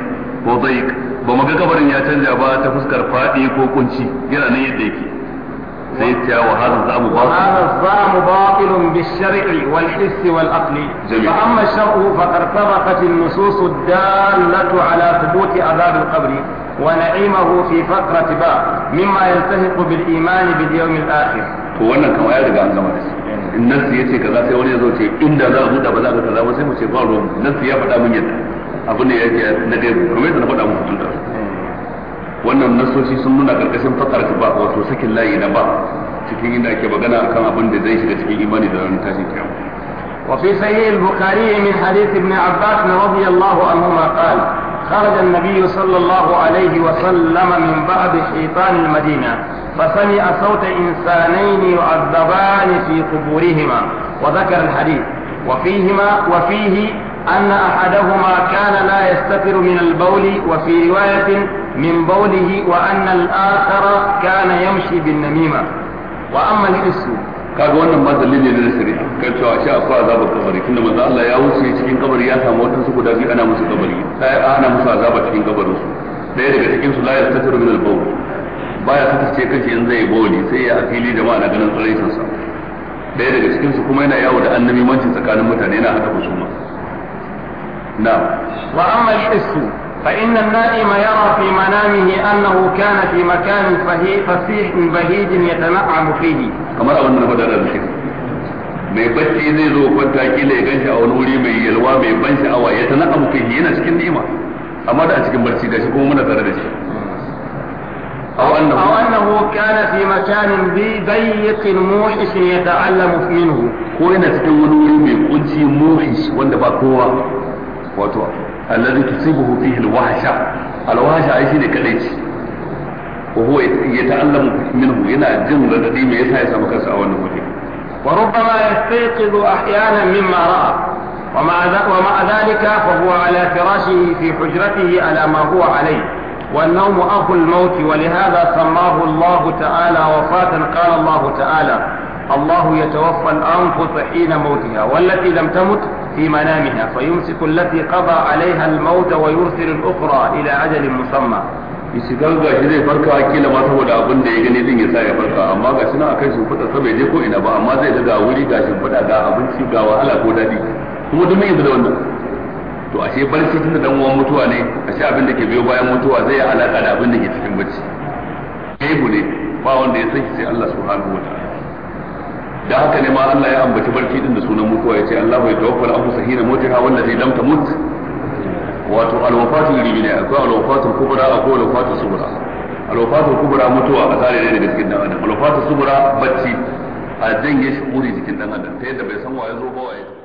wa dhayq ba maga kabarin ya canja ba ta fuskar fadi ko kunci yana nan yadda yake sai ta wa hadha zamu batil hadha zamu batil bil-shar'i wal-hiss wal-aqli fa amma ash-shar'u su sabaqat an-nusus ad-dallatu ala thubut adhab al-qabr ونعيمه في فقرة باء مما يلتحق بالإيمان باليوم الآخر. وأنا كما يرجع عن زمان kamar ya ce kaza sai wani ya zo ce inda za a buɗa ba za ka kaza ba sai mu ce ba ruwan nassi ya faɗa mun yadda abu ne ya ce na gaibu kuma yadda na faɗa mun da wannan nasoshi sun nuna karkashin fakar ba wato sakin layi na ba cikin inda ake magana akan abin da zai shiga cikin imani da ranar tashin kiyama wa fi sahih al-bukhari min hadith ibn abbas رضي anhu ma qala خرج النبي صلى الله عليه وسلم من بعد حيطان المدينة فسمع صوت إنسانين يعذبان في قبورهما وذكر الحديث وفيهما وفيه أن أحدهما كان لا يستتر من البول وفي رواية من بوله وأن الآخر كان يمشي بالنميمة وأما الحس kaga wannan ba dalili ne na shari'a kan cewa shi akwai azabar kabari tunda manzo Allah ya wuce cikin kabari ya samu wata su guda biyu ana musu kabari sai ana musu azaba cikin kabarin su daya daga cikin su la yastatiru min al-bawl baya sakace kace yanzu zai bawli sai ya afili jama'a na ganin tsaraitin sa daya daga cikin su kuma yana yawo da annabi mancin tsakanin mutane yana haka husuma نعم وأما الحس فإن النائم يرى في منامه أنه كان في مكان فسيح بهيج يتنعم فيه كما أن هذا الحس mai bacci zai zo kwanta kila ya ganshi a wani wuri mai yalwa mai ban sha'awa ya tana abu kai yana cikin ni'ima amma da a cikin barci da shi kuma muna tare da shi أو أنه, أو أنه كان في مكان ذي ضيق موحش يتعلم منه. كوينة تكون ولي من موحش وأنت بقوة wato alladhi tusibuhu fihi alwahsha alwahsha ai shine kadai ce wa huwa yata'allamu minhu yana jin radadi me yasa ya samu kansa a wannan waje wa rubbama yastayqidu ahyana mimma ra'a ومع ومع ذلك فهو على فراشه في حجرته على ما هو عليه والنوم أخو الموت ولهذا سماه الله تعالى وفاة قال الله تعالى الله يتوفى الأنفس حين موتها والتي لم تمت في منامها فيمسك التي قضى عليها الموت ويرسل الأخرى إلى أجل مسمى shi dan ga shi zai farka kila ma saboda abin da ya gani din ya sa ya farka amma ga shi na akan shi fada sabai je ko ina ba amma zai daga wuri ga shi fada ga abinci ga wahala ko dadi kuma duk mai da wannan to ashe barci tunda dan uwan mutuwa ne ashe abin da ke biyo bayan mutuwa zai yi alaka da abin da ke cikin bacci gaibu ne ba wanda ya saki sai Allah subhanahu wa ta'ala da haka ne ma Allah ya ambaci barci din da sunan mutuwa ya ce, Allah bai tawaffal abu sahina mutaha zai lam tamut wato alwafatu libina akwai alwafatu kubra akwai alwafatu sughra alwafatu kubra mutuwa a tsare ne daga cikin dan adam alwafatu sughra bacci a janye shi jikin dan adam ta yadda bai san waye zo ba wa waye